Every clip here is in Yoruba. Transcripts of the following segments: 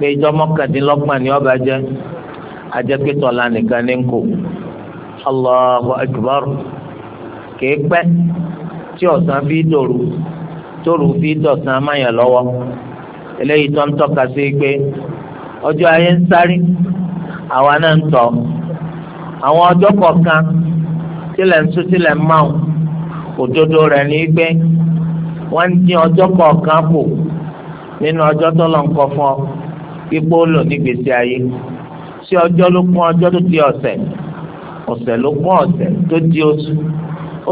pé ìjọ mọ́kàndínlọ́gbọ̀n ni ọba jẹ́ ajẹ́pẹ́tọ̀ la nìkan ní kò Allahu akbar kìí pẹ́ tí ọ̀sán fi dòru tóru dọ̀sán lọ́wọ́ eléyìí tó ń tọ́ka sí pé ọjọ́ ayé ń sáré àwa náà ń tọ̀ àwọn ọjọ́ kọ̀ọ̀kan tilẹ̀ ń sún tilẹ̀ ń òdodo rẹ̀ ipò lò nígbèsè ayé sí ọjọ́ ló kún ọjọ́ tó di ọ̀sẹ̀ ọ̀sẹ̀ ló kún ọ̀sẹ̀ tó di oṣù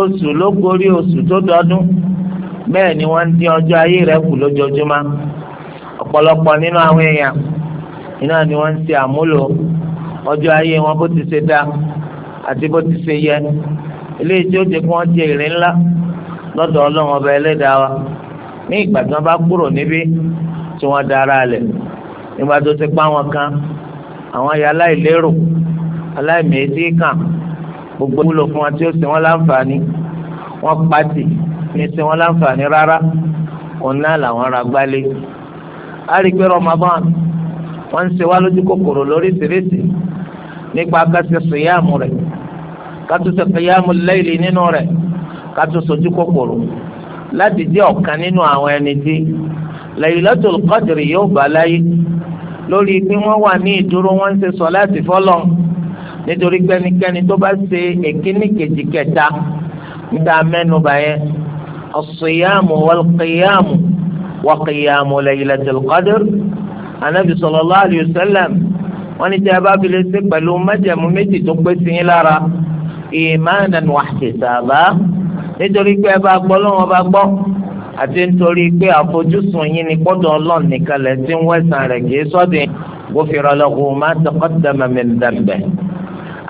oṣù ló gorí oṣù tó dọdún bẹ́ẹ̀ ni wọ́n ń dín ọjọ́ ayé rẹ̀ kù lójoojúmọ́ ọ̀pọ̀lọpọ̀ nínú àwọn èèyàn iná ni wọ́n ń ṣe àmúlò ọjọ́ ayé wọn bó ti ṣe dá àti bó ti ṣe yẹ eléyìí tí ó jẹ́ kí wọ́n jẹ èrè ńlá lọ́dọ̀ ọlọ́run ọba ẹlẹ́dàá wa ní ìgbà tí wọ́n bá kúrò níbí tí wọ́n dára lẹ̀ nígbà tó ti pa wọn kan àwọn ayé aláìlérò aláìmẹ̀ẹ́dì kan gbogbo wúlò fún wa tí ó ṣe wọn láǹfààní wọn pàtì ní ṣe wọn láǹfààní rárá òun náà làwọn ra gbálẹ̀ á rí i pé Ramadan wọn ń ṣe wá lójú kòkòrò lóríṣiríṣi nípa kásì sèyàmù rẹ kátúnṣe sèyàmù láìlì nínú rẹ kátúnṣe ojú kòkòrò láti jẹ ọ̀kan nínú àwọn ẹni tí Laylatul Qadr yóò bá láyé lórí pé wọ́n wà ní ìdúró wọ́n ń ṣe sọ̀láàtì fọ́lọ́ nítorí gbẹ́nikẹ́ni tó bá ṣe èkíní kejì kẹta níta mẹ́nuba yẹn as-siyamu wal-qiyamu wa qiyamu laylatil qadr anabi sallallahu alayhi wa sallam wọ́n ní tí a bá fi ṣe pẹ̀lú májẹ̀mú méjì tó pé sí yín lára imanan wa nítorí pé ẹ bá gbọ́ lọ́wọ́ bá gbọ́ àti nítorí pé àfojúsùn yín ni gbọ́dọ̀ ọlọ́run nìkan lẹ̀ tí ń wẹ̀sán rẹ̀ kì í sọ́dẹ̀ gbófinró lọ́kùn má taqaddama min dhanbi.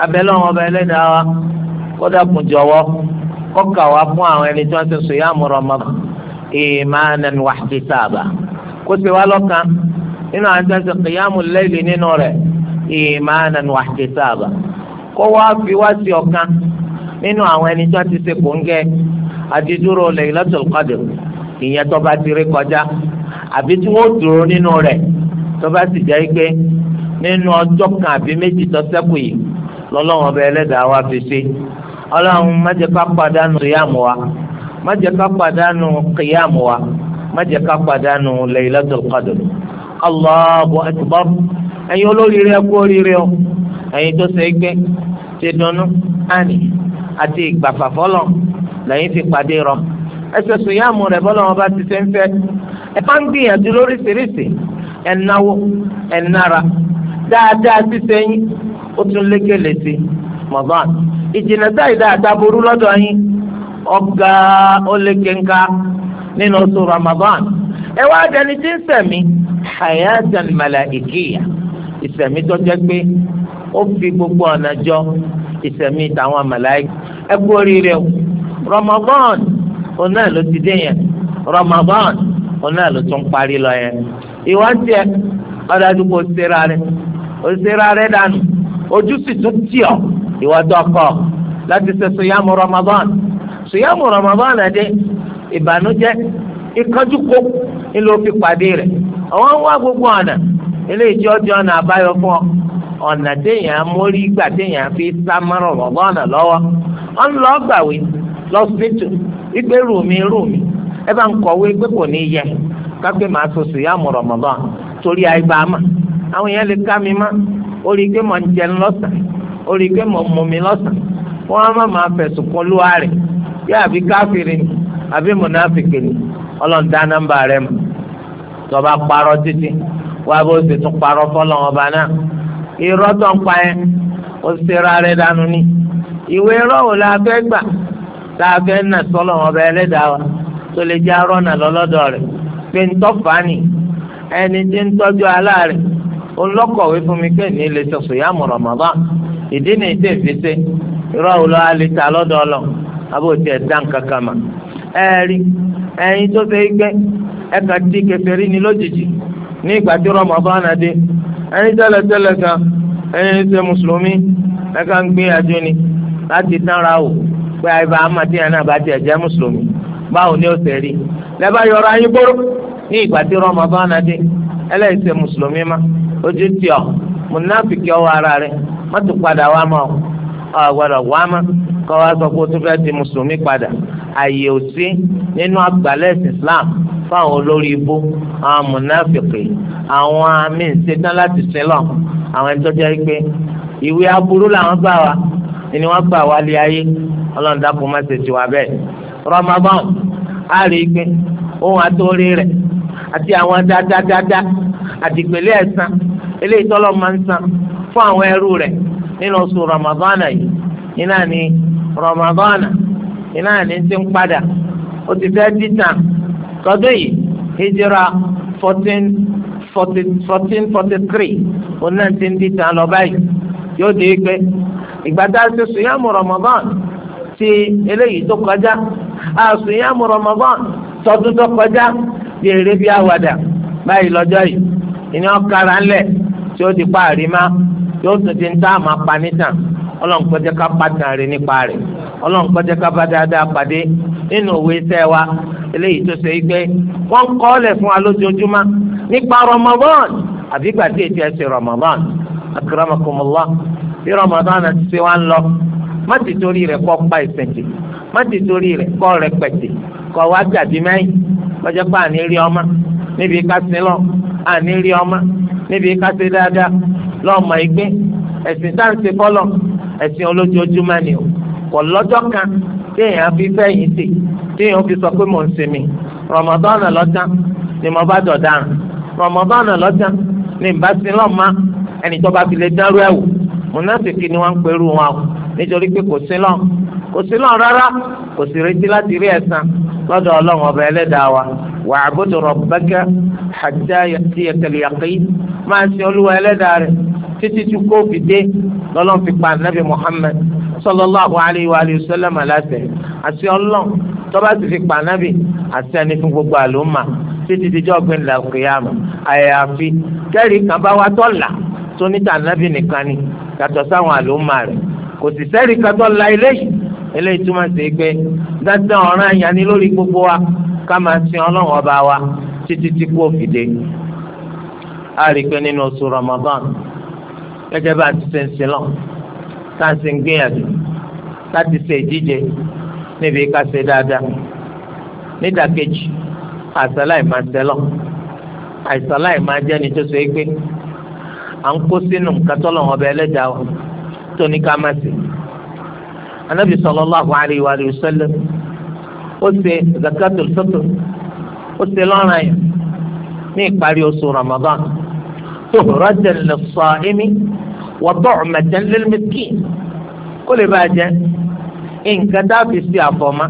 abẹ́lẹ́ wọn ọba ẹlẹ́dàá wa kódà kùn jọ̀wọ́ kọ́kà wá fún àwọn ẹni tí wọ́n ti sùn yá àmúrọ̀ ọmọ imanan wa ihtisaba kó sì wá lọ́kàn nínú àwọn tẹ́sí qiyamul layli nínú rẹ̀ imanan wa ihtisaba kó wá fi wá sí ọ̀kan nínú àwọn ẹni tí wọ́n ti ṣe kòńgẹ́ àti dúró Laylatul Qadr ìyẹn tó bá ti rí kọjá àbí tí wọ́n dúró nínú rẹ̀ tó bá sì jẹ́ pé nínú ọjọ́ kan àbí méjì tó ṣẹ́kù yìí lọ́lọ́run ọba ẹlẹ́dàá wa fi ṣe ọlọ́run má jẹ́ ká pàdánù kíyàmù wa má jẹ́ ká wa má jẹ́ ká pàdánù Laylatul Qadr ẹ̀yin olóríire ẹkú oríire o ẹ̀yin tó ṣe é ti dunnú àní àti ìgbàfàfọ́lọ̀ lẹ́yìn ti pàdé rọ ẹsẹ̀ sòyàmù rẹ̀ bọ́lá wọn bá ti ṣe ń fẹ́ ẹ máa ń gbìyànjú lóríṣiríṣi ẹ̀ náwó ẹ̀ nára dáadáa ṣíṣe yín ó tún lékele sí mọ̀gán ìjìnlẹ̀ sáyé dáadáa burú lọ́dọ̀ yín ọ̀gá ó nínú oṣù Ramadan ẹ wá dẹni tí ń sẹ̀mí hayatan malaikiyya ìsẹ̀mí tó jẹ́ pé ó fi gbogbo ọ̀nà jọ ìsẹ̀mí tàwọn màláìkì ẹ kú oríire o Ramadan. ona lo ti dé yẹn Ramadan ona lo tún parí lọ yẹn ìwọ ọ̀dà àdúgbò ṣera rẹ̀ òṣèrà rẹ̀ dànù ojú sì tún tì ọ́ ìwọ dọ́kọ̀ láti ṣe sùyàmù Ramadan Ramadan ìbànújẹ́ ńlọ fi pàdé àwọn ń wá gbogbo ọ̀nà ilé ọ ọ̀nà téèyàn mórí lọ́sibítù ìgbé rùmí rùmí ẹ bá ń kọ̀wé pé kò ní yẹ kápẹ́ màá so sùn yá mọ̀rọ̀ torí àìbá mà àwọn yẹn lè ká mi má orí pé mò ń jẹun lọ́sàn orí pé mò ń mú mi lọ́sàn wọ́n á má máa fẹ̀sùn kọ́ lúwa rẹ̀ yá àbí káfíìrì ni àbí ni rẹ̀ mọ̀ tọba parọ́ títí wàá bó ṣe tún parọ́ náà irọ́ tó tá a fẹ́ nà sọ́lọ̀ ọba ẹlẹ́dàá wa tó lè jẹ́ arọ́nà lọ́lọ́dọ̀ rẹ̀ pé ń tọ́fà ni ẹni tí ń tọ́jú aláàrẹ̀ ó lọ́kọ̀wé fún mi pé ní ilé sọ̀sọ̀ yá mọ̀ Ramadan ìdí ni ìdí ìfisẹ́ irọ́ alẹ́ta lọ́dọ̀ ọlọ́ abóòtí ẹ̀dá mà tó fẹ́ gbẹ́ ẹ̀ka tí ni lójijì ní ìgbà tí kan ṣe mùsùlùmí ẹ̀ka ń gbé àjọni láti tán ra pé àyíbá amadi yẹn náà bá tiẹ̀ jẹ́ mùsùlùmí báwo ni ó ṣe rí lẹ́bàá yọrọ ayé gbóró ní ìgbà tí rọ́ọ̀mù bá wọn adé ẹlẹ́yìí ṣe mùsùlùmí ma ojú tì ọ́ mùnàfíkì ọwọ́ ara rẹ̀ má tún padà wá mọ́ ọ gbọ́dọ̀ wá mọ́ kọ́ wá sọ pé o tún fẹ́ di mùsùlùmí padà àyè ò sí nínú àgbàlẹ̀ Islam fáwọn olórí ibú àwọn mùnàfíkì àwọn amíǹsẹ̀tàn láti sílọ̀ àwọn ẹ̀tọ́ jẹ́ pé ìwé aburú làwọn bá wa ìní wọn gbà wálé ayé ọlọ́run dákun má ṣe tiwa bẹ́ẹ̀ Ramadan á rí i pé ohun àtórí rẹ̀ àti àwọn dáadáa àti ìpele ẹ̀san eléyìí tọ́lọ́ máa ń san fún àwọn ẹrú rẹ̀ nínú oṣù Ramadan yìí iná ni Ramadan iná ni ti ń padà ó ti fẹ́ dìtàn tọdún yìí hijira fourteen fourteen fourteen forty three onáà ti ń dìtàn lọ báyìí yóò dé pé ìgbàdá ṣe sùyàmù Ramadan ti eléyìí tó kọjá àsùyàmù Ramadan tọdún tó kọjá bí eré bí àwàdà báyìí lọ́jọ́ yìí ìní ọ̀kara ńlẹ̀ tí ó ti pa àrímá tí ó sì ti ń tá àmà pa nítàn ọlọ́run kọjá ká pàtàn rẹ̀ nípa rẹ̀ ọlọ́run kọjá ká bá dáadáa pàdé nínú òwe iṣẹ́ wa eléyìí tó ṣe gbé wọ́n ń kọ́ fún wa lójoojúmọ́ nípa Ramadan àbígbà tí ètò ẹ̀sìn Ramadan akramakumullah bí Ramadan ti ṣe wá ń lọ má ti torí rẹ̀ kọ́ pa ìsẹ̀jì má ti torí rẹ̀ kọ́ rẹ̀ pẹ̀tì kọ́ wá gàdí mẹ́yìn lọ́jọ́ pé àní rí ọmọ níbi ká sin lọ àní rí ọmọ níbi ká ṣe dáadáa lọ́mọ ìgbín ẹ̀sìn tá à ẹ̀sìn olójoojúmọ́ ni o kò lọ́jọ́ kan téèyàn fi fẹ́yìn tì téèyàn fi sọ pé mò ń sinmi Ramadan lọ́jà ni mo bá dọ̀daràn Ramadan lọ́jà ni ìbá sin lọ́mọ ẹnìjọba fi lè dárú ẹ̀wò mùnàfíkì ni wọ́n ń perú wọn o nítorí pé kò sí lọ́n kò sí lọ́n rárá kò sì retí láti rí ẹ̀san lọ́dọ̀ ọlọ́run ọba ẹlẹ́dàá wa wa'bud rabbaka hatta ya'tiyakal yaqin máa ń sin olúwa ẹlẹ́dàá rẹ̀ títí tí kò fi dé lọ́lọ́n fi pa nàbì Muhammad sallallahu alayhi wa alihi wa sallam aláṣẹ àti ọlọ́n tọ́ba sì fi pa nàbì àti ẹni fún gbogbo àlùmà títí tí jọ́ọ̀gbìn làkúyàmù àyàfi kẹ́rì kan bá wa tọ́lá tó níta nàbì nìkan ni yàtọ̀ sáwọn àlùmọ́ rẹ̀ kò sì sẹ́rí kátó la eléyìí eléyìí túmọ̀ sí pé dandan ọ̀ràn àyànní lórí gbogbo wa ká máa sin ọlọ́run ọba wa títí tí kú òfìdé a rí i pé nínú oṣù Ramadan gẹ́gẹ́ bá a ti ṣe ń sin lọ tá a ṣe ń gbìyànjú láti ṣe ìdíje níbi ká ṣe dáadáa nídàkejì àṣàlàyé máa ṣẹlọ àṣàlàyé máa jẹ́ni tó ṣe é pé à ń kó sínú nǹkan tọ́lọ̀ wọn ọbẹ̀ ẹlẹ́dàá wa tó ní ká má sí. anábì sallallahu alaihi wa sallam ó ṣe zakatul fitr ó ṣe lọ́ràn yẹn ní ìparí oṣù ramadan tuhratan lis-sa'imi wa tu'matan lil-miskin kó lè bá a jẹ nǹkan dábì sí àfọ̀mọ́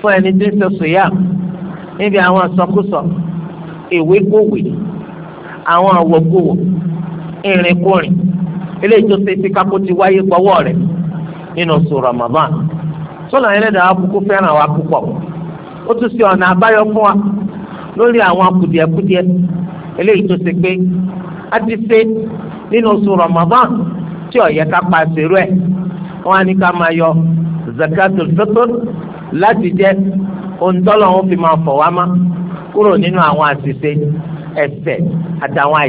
fún ẹni tí ń ṣe sòyà níbi àwọn sọkúsọ ìwé gbòwè àwọn àwògbòwò. ìrìnkúrìn eléyìí tó ṣe ti kápó ti wáyé gbọ́wọ́ rẹ̀ nínú oṣù Ramadan sọ́nà ẹlẹ́dàá kúkú fẹ́ràn wa púpọ̀ ó tún ṣe ọ̀nà àbáyọ fún wa lórí àwọn kùdìẹ̀kùdìẹ̀ eléyìí tó ṣe pé a ti ṣe nínú oṣù Ramadan tí ọ̀yẹ́ ká pa ṣerú ẹ̀ wọ́n á ní ká máa yọ zakatul fitr láti jẹ́ òǹtọ́lọ̀ fi máa fọ̀ wá má kúrò nínú àwọn àṣìṣe ẹ̀ṣẹ̀ àtàwọn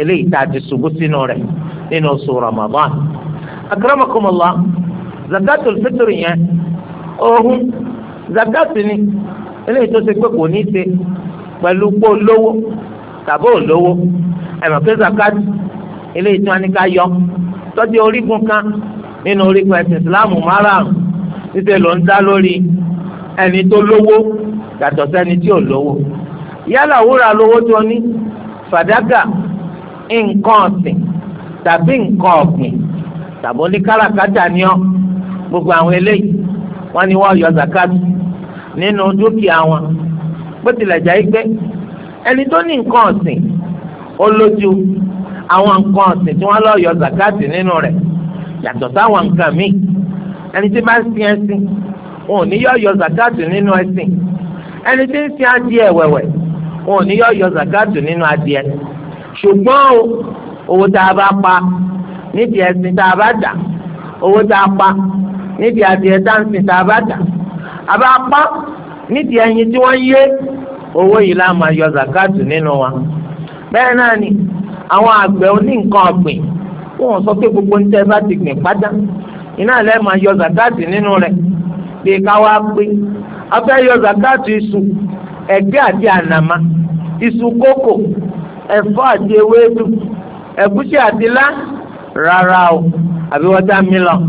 eléyìí tá a ti ṣubú sínú rẹ̀ nínú oṣù Ramadan akramakumullah zakatul fitr yẹn ohun zakati ni eléyìí tó ṣe pé kò ní ṣe pẹ̀lú pé olówó tàbí olówó ẹ̀mọ̀ pé zakati eléyìí tí wọ́n ní ká yọ tọ́jú orígun kan nínú orígun ẹ̀sìn Islam márùn-ún títẹ̀ ló ń dá lórí ẹni tó lówó yàtọ̀ sẹ́ni tí ò lówó yálà wúrà lówó tó ní fàdákà nǹkan ọ̀sìn tàbí nǹkan ọ̀gbìn tàbí oníkàràkátà ni ọ́ gbogbo àwọn eléyìí wọ́n ní wọ́n yọ zakatu nínú dúkìá wọn bó tilẹ̀ jẹ́ pé ẹni tó ní nǹkan ọ̀sìn ó lójú àwọn nǹkan ọ̀sìn tí wọ́n lọ yọ zakatu nínú rẹ̀ yàtọ̀ sáwọn nǹkan míì ẹni tí bá ń sin ẹsìn wọn ò ní yọ yọ zakatu nínú ẹsìn ẹni tí ń sin adìẹ wẹ̀wẹ̀ wọn ò ní yọ yọ zakatu nínú adìẹ ṣùgbọ́n o owó tá a bá pa nídìí ẹ̀sìn tá a bá dà owó tá a pa nídìí adìẹ táǹsì tá a bá dà a bá pa nídìí ẹyin tí wọ́n yé owó yìí la máa zakatu nínú wa bẹ́ẹ̀ náà ni àwọn àgbẹ̀ oní nǹkan ọ̀gbìn wọ́n sọ pé gbogbo ní tẹ́ bá ti gbìn pátá iná lẹ́ máa yọ zakati nínú rẹ̀ bí káwá pé a fẹ́ yọ zakatu iṣu ẹ̀gbẹ́ àti ànàmá iṣu kókò ẹ̀fọ́ àti ewédú ẹ̀gúsí àti ilá rárá o àbí watermelon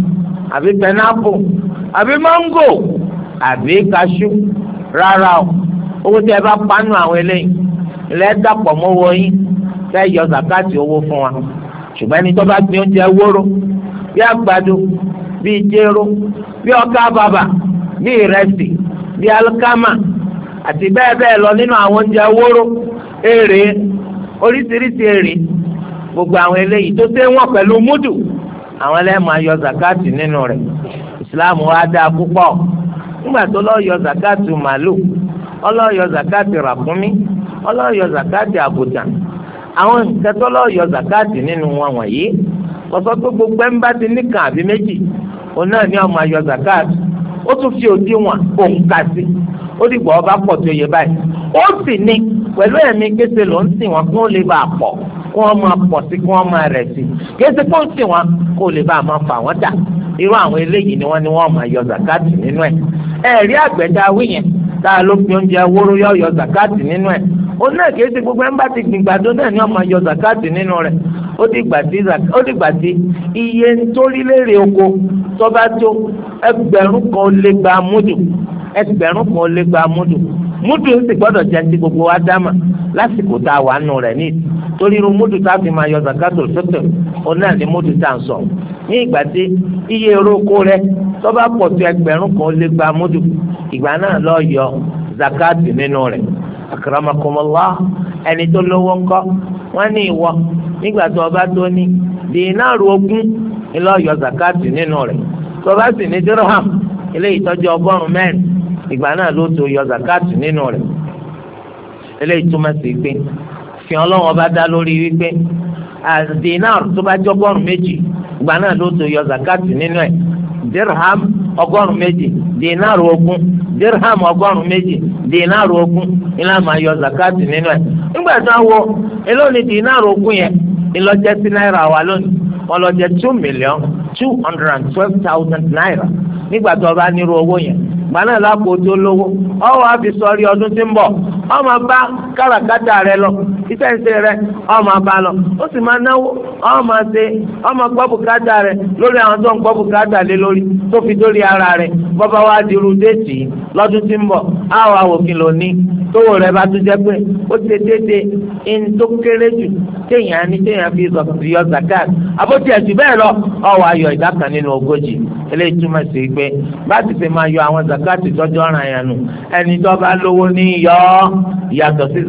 àbí pineapple àbí mango àbí cashew rárá o owó tí ẹ bá panu àwọn eléyìí lẹ́dàpọ̀ mọ́wọ́ yín fẹ́ yọ zakati owó fún wa ṣùgbọ́n ẹni tó bá gbin oúnjẹ wóró bí àgbàdo bí jéró bí bàbà bí ìrẹsì bí alikama àti bẹ́ẹ̀ bẹ́ẹ̀ lọ nínú àwọn oúnjẹ wóró oríṣiríṣi èrè gbogbo àwọn eléyìí tó ṣe wọn pẹ̀lú múdù àwọn lẹ́ẹ̀ máa zakati nínú rẹ̀ ìsìláàmù wa dáa púpọ̀ nígbà tó lọ́ọ́ zakati màlúù ọlọ́ọ́ zakati ràkúnmí ọlọ́ọ́ zakati àbùtàn àwọn nǹkan tó lọ́ọ́ zakati nínú wọn wọ̀nyí gbogbo ẹ̀ ń bá ti níkan àbí méjì òun náà ni ó máa zakati ó tún ó dìgbà ọba pọ̀ tó yẹ báyìí ó sì ní pẹ̀lú ẹ̀mí kése ló ń sìn wọn kí wọ́n lè bá a pọ̀ kí wọ́n máa pọ̀ sí kí wọ́n máa rẹ̀ sí kése kó ń sìn wọn kó lè bá a máa fà wọ́n dà irú àwọn eléyìí ni wọ́n ní wọ́n máa yọ zakati nínú ẹ̀ ẹ̀rí àgbẹ̀dá wíyẹn tá a ló fi oúnjẹ wóró yọ yọ zakati nínú ẹ̀ òun náà kì gbogbo ẹ̀ ń bá ti gbìn náà ni wọ́n máa yọ zakati nínú rẹ̀ ó ti gbà tí iye ń torí lérè tọ́ba tó ẹgbẹ̀rún kan ó lé gba múdù ẹgbẹ̀rún kan ó lé gba múdù múdù ń sì gbọ́dọ̀ jẹ́ ti gbogbo wa dáma lásìkò tá a wà nù rẹ̀ ní torí irú múdù tá a fi máa yọ zakato sọ́tọ̀ òun náà ni múdù tá à ń sọ ní ìgbà tí iye eroko rẹ tọ́ba pọ̀ tó ẹgbẹ̀rún kan lé gba múdù ìgbà náà lọ́ọ́ yọ zakato nínú rẹ̀ akramakumullah ẹni tó lówó ńkọ́ wọ́n ní ìwọ nígbà tó o bá tó ní dìínàrù ogún ilé ọ̀yọ́ zakati nínú rẹ̀ tó o bá sì ní dirham ilé ìtọ́jú ọgọ́rùn-ún mẹ́rin ìgbà náà ló tó yọ zakati nínú rẹ̀ ilé ìtumọ̀ sí pé fi ọlọ́wọ́n bá dá lórí wípé as tó bá jẹ́ ọgọ́rùn méjì ìgbà náà ló tó yọ zakati nínú ẹ̀ dirham ọgọrùn méjì dinar ogún dirham ọgọ́rùn méjì dinar ogún iná máa yọ zakati nínú ẹ̀ nígbà tó wọ èló ni dinar ogún yẹn ìlọjẹ sí náírà lónìí lọ jẹ two million two hundred and twelve thousand naira nígbà tó bá nírú owó yẹn lápò tó lówó àfi sọrí ọdún káràkátà rẹ lọ iṣẹ́ ìṣe rẹ ọmọ lọ ó sì máa náwó ọmọ ṣe ọmọ gbọ́ rẹ lórí àwọn tó ń gbọ́ lé lórí tó fi dórí ara rẹ bọ́bá wa di irú déètì lọ́dún tí ń bọ̀ àwọn àwòkìn lò ní tówó rẹ bá tún jẹ́ pé ó ti dédé ń tó kéré jù téèyàn téèyàn fi yọ zakat lọ ìdá kan nínú ogójì eléyìí túmọ̀ sí pé ti fi yọ àwọn zakat yẹn nù ẹni tó bá lówó ní yọ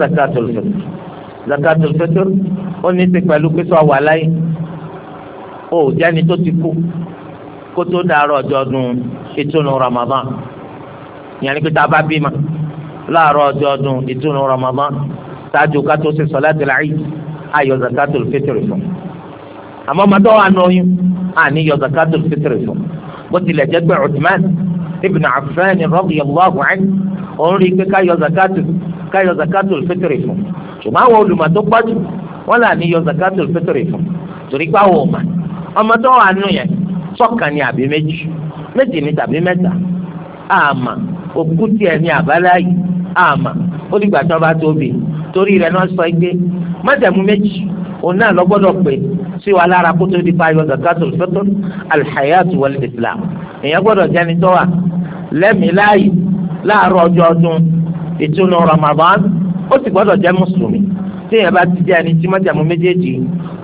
zakatul fitr zakatul fitr ó ní í ṣe pẹ̀lú pé sọ wà láyé ó jẹ́ni tó ti kú kó tó dàárọ̀ ọjọ́ ọdún ìtúnu Ramadan ìyẹn ni pé tá a bá bímọ láàárọ̀ ọjọ́ ọdún ìtúnu Ramadan ṣáájú ká tó ṣe salatul Eid ayọ̀ zakatul fitr fún àmọ́ ọmọdé wa nù oyún àní yọ zakatul fitr fún bó tilẹ̀ jẹ́ pé Uthman ibn Affan radiyallahu anhu òun rí i pé ká yọ zakatul fitr ká yọ zakatul fitiri fún ṣùgbọ́n àwọn olùmọ̀ tó pọ̀jù wọ́n là ní yọ zakatul fitiri fún torí pé àwọn ọmọ ọmọ tó wà nù yẹn sọ́kàn ni àbí méjì méjì ni tàbí mẹ́ta àmà òkú tiẹ̀ ní àbálá yìí àmà ó dìgbà tó bá tóbi torí rẹ̀ náà sọ pé májàmú méjì òun náà lọ pé sí wa lára kó tó di pa yọ zakatul fitr alhayatu wal islam èèyàn gbọ́dọ̀ jẹ́ni tó wà lẹ́mìí láàyè láàárọ̀ ọjọ́ ọdún ìtúnu Ramadan ó sì gbọ́dọ̀ jẹ́ mùsùlùmí tí èèyàn bá ti jẹ́ ẹni tí mọ́jàmú méjèèjì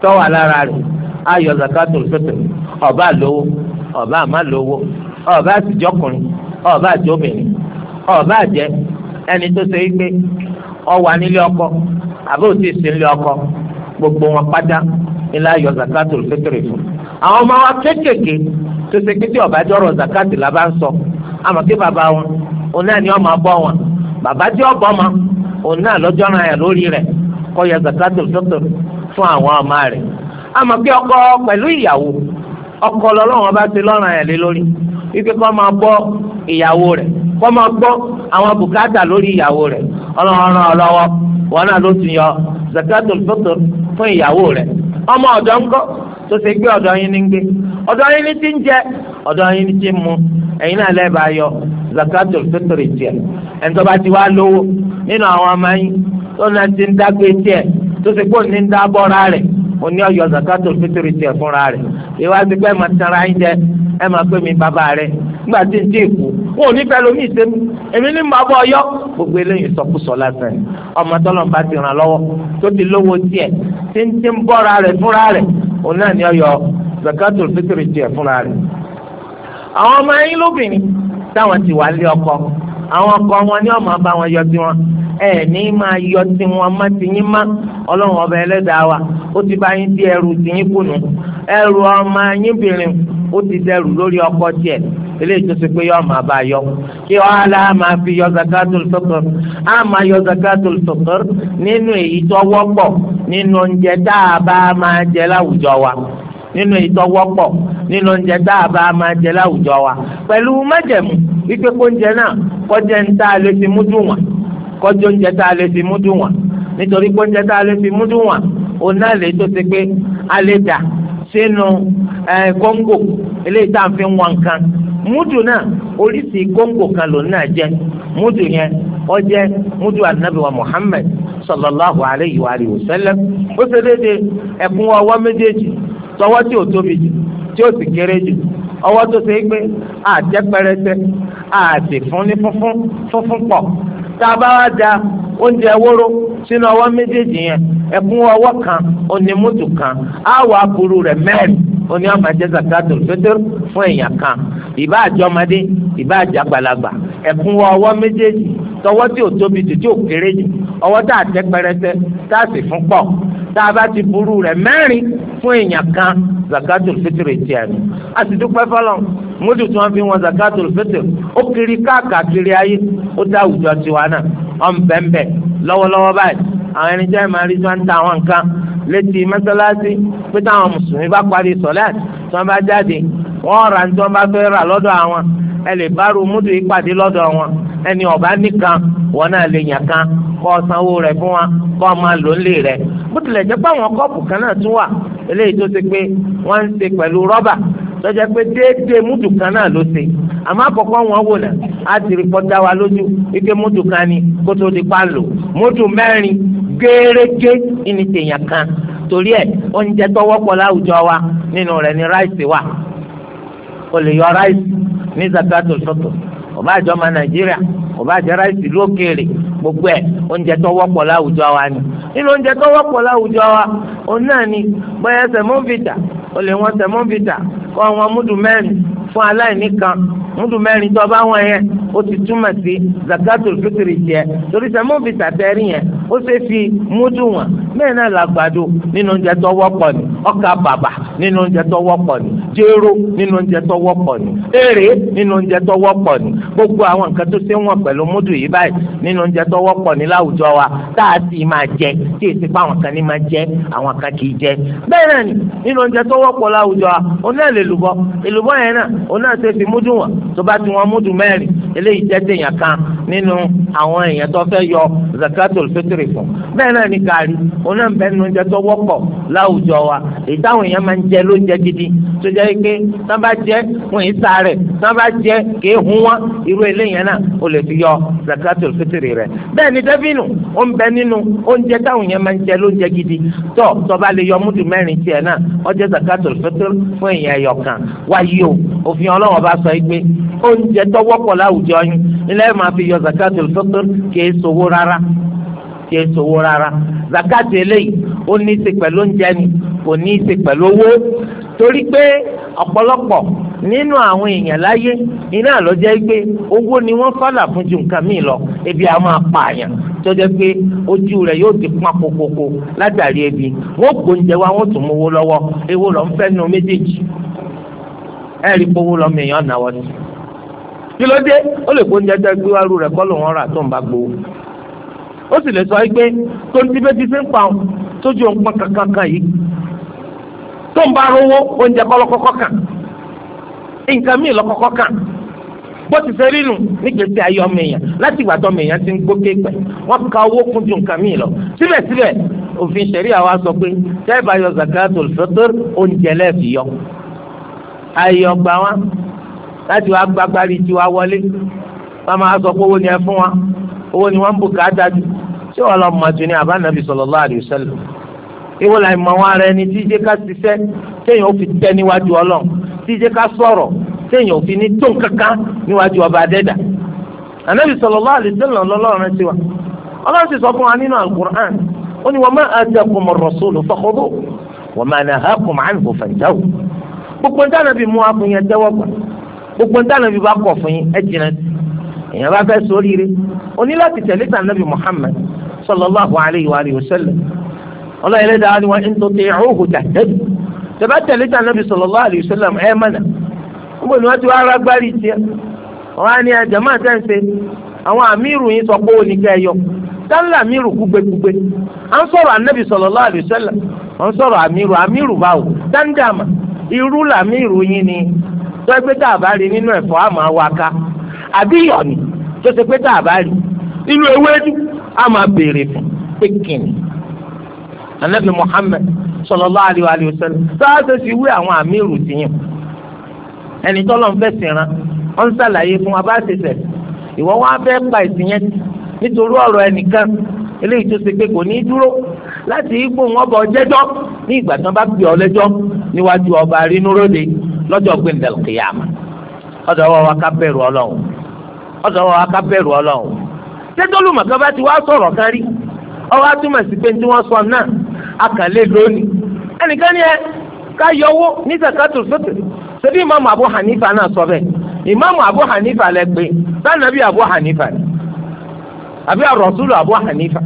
tó wà lára rẹ̀ á yọ zakatul fitr ọba àlówó ọba àmàlówó ọba àtijọ́kùnrin ọba àjọbìnrin ọba àjẹ ẹni tó ṣe wípé ó wà nílé ọkọ àbí ó ti sí nílé ọkọ gbogbo wọn pátá ilá yọ zakatul fitr fún àwọn ọmọ wa kéékèèké tó ṣe pé ọba jọrọ zakati la ń sọ àmọ́ kí bàbá wọn òun náà ni ọmọ abọ́ wọn. bàbá tí ọbọ ma òun náà lọ́jọ́ náà yà lórí rẹ̀ kó yọ fún àwọn ọmọ rẹ̀ àmọ́ pé ọkọ pẹ̀lú ìyàwó ọkọ lọ́lọ́run ti lọ́ràn lé lórí wípé máa gbọ́ ìyàwó rẹ̀ kó máa gbọ́ àwọn bùkátà lórí ìyàwó rẹ̀ ọlọ́run ọlọ́wọ́ wọn náà ló ti yọ fún ìyàwó rẹ̀ ọmọ ọ̀dọ́ tó ṣe gbé ọ̀dọ́ yín ní ọ̀dọ̀ yín ní tí mu ẹ̀yin náà lẹ́ẹ̀bà yọ zakatul fitri tiẹ̀ ẹni tó bá ti wá lówó nínú àwọn ọmọ yín tó náà ti ń dágbé tiẹ̀ tó ti kó ní ń dá bọ́ra rẹ̀ mo ní ọyọ zakatul fitri tiẹ̀ fúnra rẹ̀ ìwádìí pé ẹ máa tẹ̀ra yín jẹ ẹ máa pè mí bàbá rẹ̀ nígbà tí n tí èkó wọn ní fẹ́ lómi ìsẹ́mi èmi ní màá bọ̀ ọyọ́ gbogbo eléyìí sọkúsọ lásán ọmọ tọ́lọ́n bá ti ràn lọ́wọ́ tó ti lówó tiẹ̀ tí ń tí ń bọ́ra rẹ̀ fúnra rẹ̀ òun náà ní ọyọ zakatul fitri tiẹ̀ fúnra rẹ̀ àwọn ọmọ yín lóbìnrin táwọn ti wà lé ọkọ àwọn ọkọ wọn ni ọmọ bá wọn yọ sí wọn ẹ ní máa yọ sí wọn má ti yín má ọlọ́run ọba ẹlẹ́dàá wa ó ti bá yín di ẹrù tí yín kùnú ẹrù ọmọ yín bìnrin ó ti dẹrù lórí ọkọ tiẹ̀ eléyìí tó pé yọ ọmọ àbá yọ kí ọ̀hálà á máa fi yọ zakatul fitr á máa yọ zakatul fitr nínú èyí tó wọ́pọ̀ nínú oúnjẹ tá a bá máa jẹ láwùjọ wa. nínú ìtọ́ nínú oúnjẹ tá a bá máa jẹ láwùjọ wa pẹ̀lú májẹ̀mú wípé oúnjẹ náà kọjá ń tá a lè fi múdùn wọn kọjá oúnjẹ tá a lè fi wọn nítorí oúnjẹ tá a lè fi wọn òun náà lè tó ti pé a lè dà sínú góńgò eléyìí tá a fi wọn kan múdù náà oríṣi góńgò kan lòun náà jẹ múdù yẹn ó jẹ múdù anabi ó ṣe déédéé sọwọ́ tí ò tóbi jù tí ò sì kéré jù ọwọ́ tó ṣe é pé àjẹ́ pẹrẹsẹ àti fún ní funfun funfun pọ̀ tá a bá wá da oúnjẹ wóró sínú ọwọ́ méjèèjì yẹn ẹ̀kún ọwọ́ kan onímùtù kan á wà kúrú rẹ̀ mẹ́rin oní ọmọ jẹ zakatul fitr fún èèyàn kan ìbá àjọmọdé ìbá àjàgbàlagbà ẹ̀kún ọwọ́ méjèèjì tọwọ́ tí ò tóbi jù tí ò kéré jù ọwọ́ tá a tẹ́ pẹrẹsẹ tá a sì fún pọ̀ tá a bá ti burú rẹ̀ mẹ́rin fún èèyàn kan zakatul fitr tiẹ̀ ni a sì dúpẹ́ fọlọ́ múdù tí wọ́n fi wọn zakatul fitr ó kiri káàkiri ayé ó dá àwùjọ tiwa náà ọ̀n bẹ́ẹ̀nbẹ́ lọ́wọ́lọ́wọ́ báyìí àwọn ẹni jẹ́ ìmọ̀ àríjọ́ ń ta àwọn nǹkan létí mọ́sálásí pé táwọn mùsùlùmí bá parí sọ̀lẹ́ẹ̀tì tí wọ́n bá jáde wọ́n ra ní tí wọ́n bá fẹ́ rà lọ́dọ̀ àwọn ẹ lè bá ru múdù ìpàdé lọ́dọ̀ wọn ẹni ọ̀bá nìkan wọn náà lè yàn kan kọ́ sanwó rẹ̀ fún wa kọ́ máa lò ń lè rẹ̀ bó tilẹ̀ jẹ́ pé àwọn kọ́ọ̀pù kan náà tún wà eléyìí tó ṣe pé wọ́n ń ṣe pẹ̀lú rọ́bà tó pé déédéé múdù kan náà ló ṣe àmọ́ àkọ́kọ́ wọn wò náà á ti rí kọjá wa lójú wípé múdù kan ni kó tó di pa lò múdù mẹ́rin gẹ́rẹ́gẹ́ torí ẹ̀ oúnjẹ tó wọ́pọ̀ láwùjọ wa nínú rẹ̀ ni ráìsì wa, o lè yọ ráìsì ní zakato sọ́tọ̀ ọba àjọ ọmọ nàìjíríà ọba àjọ ráìsì lókèèrè gbogbo ẹ̀ oúnjẹ tó wọ́pọ̀ láwùjọ wa ni nínú oúnjẹ tó wọ́pọ̀ láwùjọ wa òun náà ni bóyá sẹ̀mọ́nvìtà o lè wọn sẹ̀mọ́nvìtà kọ́ wọn múdù mẹ́rin fún aláìní kan múdù mẹ́rin tó bá wọn yẹn ó ti túmọ̀ sí zakato fitiri jẹ torí sẹ̀mọ́nvìtà tẹ́rí yẹn ó ṣe fi múdù wọn bẹ́ẹ̀ náà làgbàdo nínú oúnjẹ tó wọ́pọ̀ ni ọkà bàbà nínú oúnjẹ tó wọ́pọ̀ ni jéró nínú oúnjẹ tó wọ́pọ̀ ni èrè nínú oúnjẹ tó wọ́pọ̀ ni gbogbo àwọn nǹkan tó ṣe ń wọ̀n pẹ̀lú múdù yìí báyìí nínú oúnjẹ tó wọ́pọ̀ ni láwùjọ wa tá a sì máa jẹ tí èsì pa àwọn kan ní máa jẹ àwọn kan kì í jẹ bẹ́ẹ̀ náà ni nínú oúnjẹ tó wọ́pọ̀ láwùjọ wa òun náà lè lùbọ́ èlùbọ́ yẹn náà òun náà ṣe fi múdù wọn tó bá ti wọn múdù mẹ́rin eléyìí jẹ́ téèyàn kan nínú àwọn èèyàn tó fẹ́ yọ zakatul fitri fún bẹ́ẹ̀ náà ni gàrí òun náà bẹ́ẹ̀ nínú oúnjẹ tó wọ́pọ̀ láwùjọ wa èyí táwọn èèyàn máa ń jẹ lóúnjẹ gidi tó jẹ́ jẹ́ ike tán bá jẹ́ fún ìsà rẹ̀ tán bá jẹ́ kì í hun wọn irú eléyìí náà o lè fi yọ zakatul fitiri rẹ̀ bẹ́ẹ̀ ni dẹ́bìnù ó ń bẹ nínú oúnjẹ táwọn yẹn máa ń jẹ lóúnjẹ gidi tọ́ tọ́ba lè yọ múdù mẹ́rin tiẹ̀ náà ó zakatul fitiri fún èèyàn ẹ̀yọ̀ kan wáyé o òfin ọlọ́wọ́ bá sọ pé oúnjẹ tó wọ́pọ̀ láwùjọ yín ilẹ̀ máa fi yọ zakatul fitiri kì í sowó rárá tí ó sowó rárá zakati eléyìí ó ní í ṣe pẹ̀lú oúnjẹ ni kò ní í ṣe pẹ̀lú owó torí pé ọ̀pọ̀lọpọ̀ nínú àwọn èèyàn láyé iná ni wọ́n fada fún ju nǹkan míì lọ ebi a máa pa àyàn tó jẹ́ pé ojú rẹ̀ yóò ti pọn kokoko látàrí ebi wọ́n gbóúnjẹ wa wọ́n tún mówó lọ́wọ́ ewo lọ́n fẹ́ nu méjèèjì ẹ̀rí kówó lọ́mọ èèyàn náwó ni kí ló dé ó lè ó sì lè sọ pé tó ń tibé ti fi ń pa ọ́n tójú òun pọn kankan yìí tó ń bá rówó oúnjẹ kọ́ lọ́kọ́kọ́ kàn nǹkan míì lọ́kọ́kọ́ kàn bó ti fẹ́ rínu nígbèsè ayé ọmọ èèyàn láti ìgbà tó ọmọ èèyàn ti ń gbókè pẹ̀ wọ́n ka owó kún ju nǹkan míì lọ síbẹ̀síbẹ̀ òfin ṣẹ̀ríà wa sọ pé tẹ́ẹ̀bà yọ zakatul fitr oúnjẹ lẹ́ẹ̀fì yọ ayé ọgbà wa láti wá gbàgbárí tiwa wọlé wọ́n máa sọ pé owó ni ẹ fún wa owó ni wọ́n ń bùkátà jù tí wọ́n lọ mọ̀ jù àbá nàbì sallallahu alaihi wasallam ìwọ la ìmọ̀ wọn ara ẹni tí jẹ́ ká ṣiṣẹ́ téèyàn ò fi tẹ́ níwájú ọlọ́run tí jẹ́ ká sọ̀rọ̀ téèyàn ò fi ní tó kankan níwájú ọba adẹ́dà ànábì sallallahu alaihi wasallam lọ́lọ́run ti wa ọlọ́run ti sọ fún wa nínú alukur'an ó ní wa ma atakum ar-rasulu fakhudhu wa ma nahakum anhu fantahu gbogbo ntànàbí mú wa fún yẹn tẹ́wọ́ gbà gbogbo ntànàbí bá kọ̀ fún yín ẹ jìnnà èèyàn bá fẹ́ ṣoríire ó ní láti tẹ̀lé tàn nàbì Muhammad sallallahu alayhi wa wa sallam ọlọ́yìn lẹ́dàá ni wọ́n ń tó tẹ̀ ọ́hù dàdẹ́bì tẹ̀bá tẹ̀lé tàn sallallahu alayhi wa sallam ẹ̀ mọ̀nà ni wọ́n ti wá arágbárí tiẹ̀ wọ́n á ní àjàmọ́ àtẹ̀sẹ̀ sọ pé ó ní kẹ́ ẹ yọ dáńlá à sallallahu alayhi wa sallam à ń àbí ìyọ̀nì tó ṣe pé tá a bá rí inú a máa béèrè fún anabi muhammed sọlọ alaihi wa alihi wasallam àwọn àmì ìrùtìyàn ẹni ń ó fún wa bá ṣe ìwọ wá fẹ́ pa kò ní í dúró láti igbó wọn bọ ní ìgbà tí wọn bá gbé ọ níwájú ọba ọ̀sọ̀ wa ká bẹ̀rù ọlọ́run tẹ́tọ́lù màkàbá ti wá sọ̀rọ̀ kan rí ọwọ́ àtúmọ̀ sí pé tí wọ́n sọ náà akàlẹ́ lónìí ẹnìkan ni ẹ ká yọ owó ní zakatul fitr ṣebí ìmáàmù Abu Hanifa náà sọ bẹ́ẹ̀ ìmáàmù Abu Hanifa lẹ pé sanabi Abu Hanifa ni àbí arọ̀súlù Abu Hanifa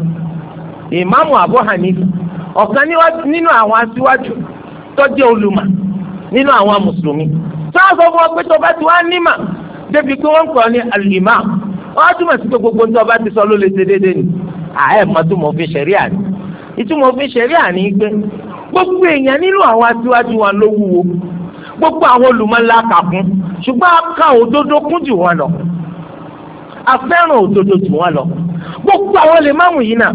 ìmáàmù Abu Hanifa ọ̀kan nínú àwọn aṣíwájú tó jẹ́ olùmọ̀ nínú àwọn mùsùlùmí tó a sọ fún ọ pé tó bá ti wá nímà débi pé wọ́n kọ́ ní wọ́n á túmọ̀ sí gbogbo ní ọba ti sọ ló lè ṣe déédéé ni ààyè mọ́ tó mọ̀ fi ṣẹ̀ríà ni ìtumọ̀ fi ṣẹ̀ríà ni gbogbo èèyàn nínú àwọn aṣíwájú wa ló wúwo gbogbo àwọn olùmọ̀lá kàkún ṣùgbọ́n òdodo kún jù wọn lọ a òdodo jù wọn lọ gbogbo àwọn lè náà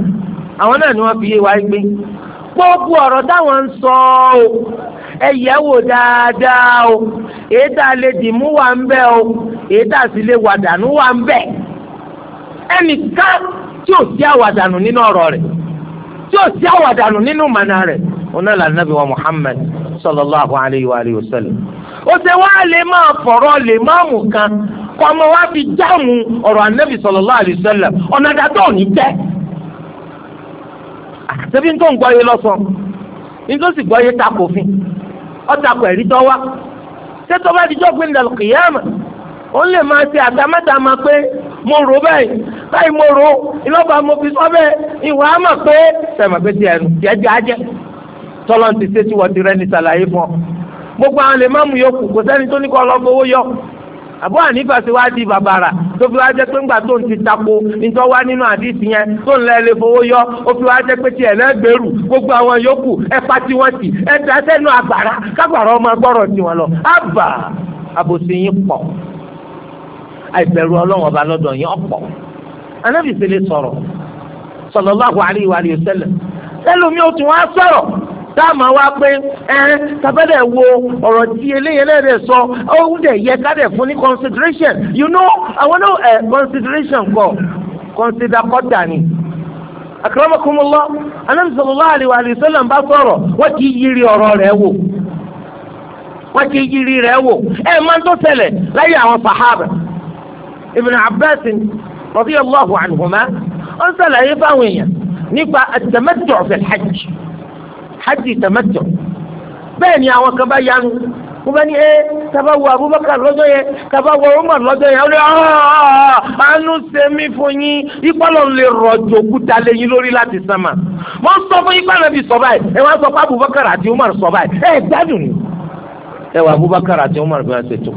àwọn náà ni wọ́n fi yé wa gbogbo ọ̀rọ̀ táwọn ń o dáadáa o o èyí tá a wà dànù wà ń bẹ ẹnìkan tí ò sí àwàdànù nínú ọ̀rọ̀ rẹ̀ tí ò sí àwàdànù nínú mànà rẹ̀ wa Muhammad sallallahu alayhi wa wa sallam. ó ṣe wá lè máa fọ̀rọ̀ lè máa mú kan kọ́ ọmọ wa fi jáàmù ọ̀rọ̀ ànábì sallallahu alayhi wa sallam ọ̀nà dàtọ̀ ò ní tẹ́. àtẹ̀bí ń tó ń gbọ́ yé lọ́sàn tó sì gbọ́ yé takòfin ẹ̀rí tọ́wá ṣé ó lè máa ṣe àdámẹ́dàmà pé mo rò báyìí báyìí mo rò ìlọ́ba mo fi sọ́ bẹ́ẹ̀ ìwà á mà pé sẹ̀mọ̀ pé tiẹ̀ nù jẹ́ ajẹ́ ti ṣe tí gbogbo àwọn lè má mú yòókù kò sẹ́ni tó ní kọ́ yọ. àbúrò ànífà sí wáá di bàbàrà tó fi wá jẹ́ pé ńgbà tó ń ti tako wá nínú àdìsí yẹn tó ń yọ ó fi wá jẹ́ pé gbogbo àwọn yòókù ẹ pa ẹ dá sẹ́nu àgbàrá kágbàrá ọmọ gbọ́rọ̀ tiwọn àìbẹ̀rù ọlọ́wọ́n ọba lọ́dọ̀ yẹn ọ̀pọ̀ anábì sì lè sọ̀rọ̀ sallallahu alaihi wa alihi wasallam ẹlòmí o tún wá sọ̀rọ̀ táàmù wa pé ẹ tàbẹ́dẹ̀ wo ọ̀rọ̀ tí eléyẹn náà dẹ̀ sọ ohun dẹ̀ yẹ ká dẹ̀ fún ní consideration you know àwọn náà ẹ consideration kọ consider kọ́dà ni akramakumullah anábì sallallahu alaihi wa alihi wasallam bá sọ̀rọ̀ wọ́n ti yiri ọ̀rọ̀ rẹ̀ wò wọ́n ti yiri rẹ̀ wò ẹ̀ máa ń tó ṣẹlẹ̀ láyé àwọn sàhábà ibn abbas radiyallahu anhuma ó ń sàlàyé fáwọn èèyàn nípa at-tamattu' fil hajj hajj tamattu' bẹ́ẹ̀ ni àwọn kan bá yanu mo bá ní ẹ taba wo abubakar lọ́jọ́ yẹn taba wo umar lọ́jọ́ yẹn ọlẹ́ ah, àánú sẹ́mi fún yín ìpọ́lọ̀ lè rọ̀jò kúta lẹ́yìn lórí láti sánmà mo sọ fún yín pàrọ̀ bí sọ báyìí ẹ wá sọ fún abubakar àti umar sọ báyìí ẹ gbádùn ni ẹ wà abubakar àti umar bí wọ́n ṣe tó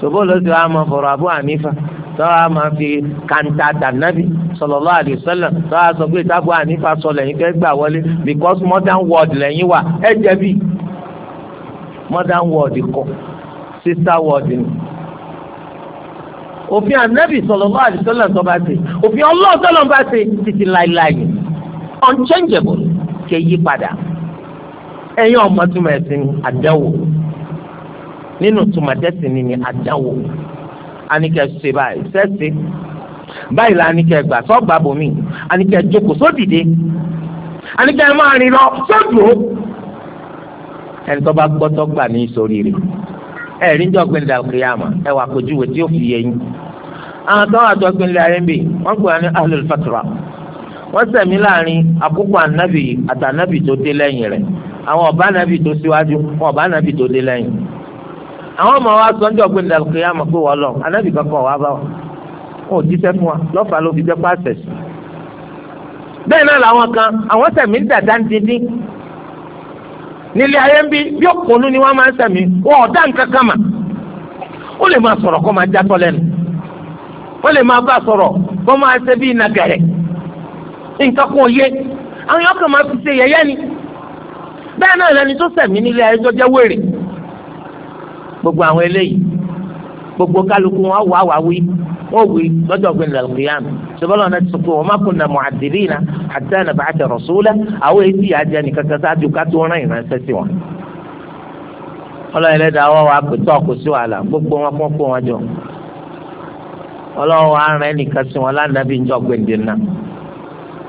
ṣòbó ló ti wá máa fọ̀rọ̀ Abu Hanifa tọ́wọ́ a máa fi kàńtà dànàbí sallallahu alaihi wasallam tọ́wọ́ a sọ pé tábù ànífà sọ lẹ́yìn fẹ́ gbà wọlé because modern world lẹ́yìn wà ẹ jẹ̀bi modern world kọ sister world ni. òfin ànábì sallallahu alaihi wasallam tó bá ṣe òfin ọlọ́ọ̀tọ́lọ́ bá ṣe títí láéláé unchangeable kì í yí padà ẹ̀yin ọmọ túmọ̀ ẹ̀sìn àdẹ́wò nínú tòmátẹ́sì ni ni àdáwò anìkẹ́ ṣe báyìí sẹ́sì báyìí la anìkẹ́ gbà sọ́gbà bòmí anìkẹ́ jókòó sódìde anìkẹ́ máa rìn lọ sódò ẹni tó bá gbọ́tọ́ gbà ní sórí rẹ̀ ẹ̀rí ń jọ́gbìn dàgbé àmà ẹ wà àpèjúwe tí ó fi yẹ yín àwọn tó wà jọ́gbìn lé ayé ń bè wọ́n gbọ́ ní ahlul fatra wọ́n sẹ̀mí láàrin àkókò ànábì àtànábì tó dé lẹ́yìn rẹ̀ àwọn ọ̀bá tó síwájú wọn ọ̀bá tó dé lẹ́yìn àwọn ọmọ wa sọ ọjọ́ gbé ndàlùkì yá mọ̀ pé wọ́n lọ anábì kankan wà bá wa wọn ò jíṣẹ́ fún wa lọ́fà ló fi jẹ́ pàṣẹsì. bẹ́ẹ̀ náà làwọn kan àwọn sẹ̀mí ń dàda ń dídín nílé ayé ń bí bí òkòlù ni wọ́n máa ń sẹ̀mí wọn ò nǹkan kan mà ó lè máa sọ̀rọ̀ kó máa játọ́ lẹ́nu ó lè máa bá sọ̀rọ̀ kó máa ṣe bí nàgẹ̀rẹ̀ nǹkan kò yé àwọn yọkàn máa fi ṣe yẹ̀yẹ́ ni bẹ́ẹ̀ náà lẹni tó sẹ̀mí nílé ayé tó jẹ́ wèrè gbogbo àwọn eléyìí gbogbo kálukú wọn wà wá wí wọn wí lọ́jọ́ gbẹ nílẹ kìyàm sọbọlọ náà ti sọ pé wọn má kó na mu'adhibina iná àti àná bàá tẹ rasula àwọn èyí tí àjẹ nìkan kan sáájú ká tó rán ìránṣẹ́ sí wọn. ọlọ́yẹ̀lẹ́dà wọn wà pẹ̀tọ́ kò sí wàhálà gbogbo wọn kọ́ kó wọn jọ ọlọ́wọ́ wa rán ẹnìkan sí wọn lánàbí ń jọ gbẹ̀ǹdẹ̀ náà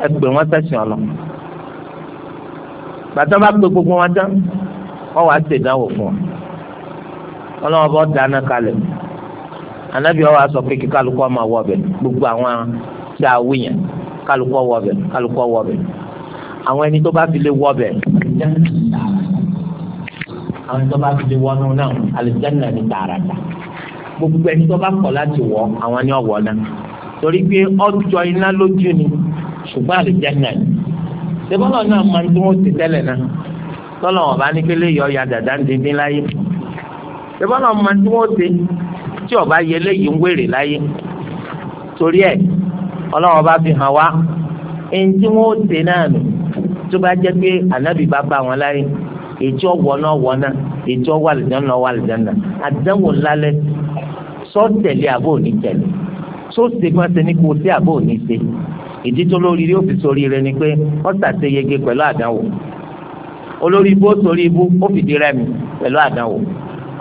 ẹ pè wọ́n sẹ́sìn ọlọ. bàtà bá pe gbogbo wọn tán wọ́n wàá ṣèdánwò fún wọn ọlọ́wọ́ bọ́ dáná kalẹ̀ anabi ọwọ́ aṣọ pé kí kálukọ́ máa wọ ọbẹ̀ gbogbo àwọn tí a wíyàn kálukọ́ wọ ọbẹ̀ kálukọ́ wọ ọbẹ̀ àwọn ẹni tó bá fi lè wọ ọbẹ̀ àwọn ẹni tó bá fi lè wọ ọdún náà alìjẹ́nà ní tààràtà gbogbo ẹni tó bá kọ̀ láti wọ àwọn ni ọ̀wọ́ náà torí pé ọjọ́ iná lójú ni ṣùgbọ́n alìjẹ́nà ni ṣùgbọ́n náà máa ń tún ó ti tẹ́lẹ̀ náà tọ́lọ̀ wọn bá ní kí lè yọ ọ̀yà dàda ń dín dín láyé fún ìbọn náà máa tí wọ́n ṣe tí ọba yẹ léyìí ń wèrè láyé torí ẹ̀ ọlọ́wọ́n bá fi hàn wá ẹni tí wọ́n ṣe náà nù tó bá jẹ́ pé ànábì bá bá wọn láyé ètí ọwọ́ náà wọ náà ètí ọwọ́ àlùjáná náà wọ àlùjáná àdánwò lálẹ́ sọ́tẹ̀lé àbò ní tẹ̀lé sóòsì gbọ́nsẹ̀ ní kò sí àbò ní ṣe ìdí tó lórí rí òfin sórí rẹ ni pé wọ́n ṣàṣe yege pẹ̀lú àdánwò olórí ibú ó sórí ibú ó fìdí rẹmi pẹ̀lú àdánwò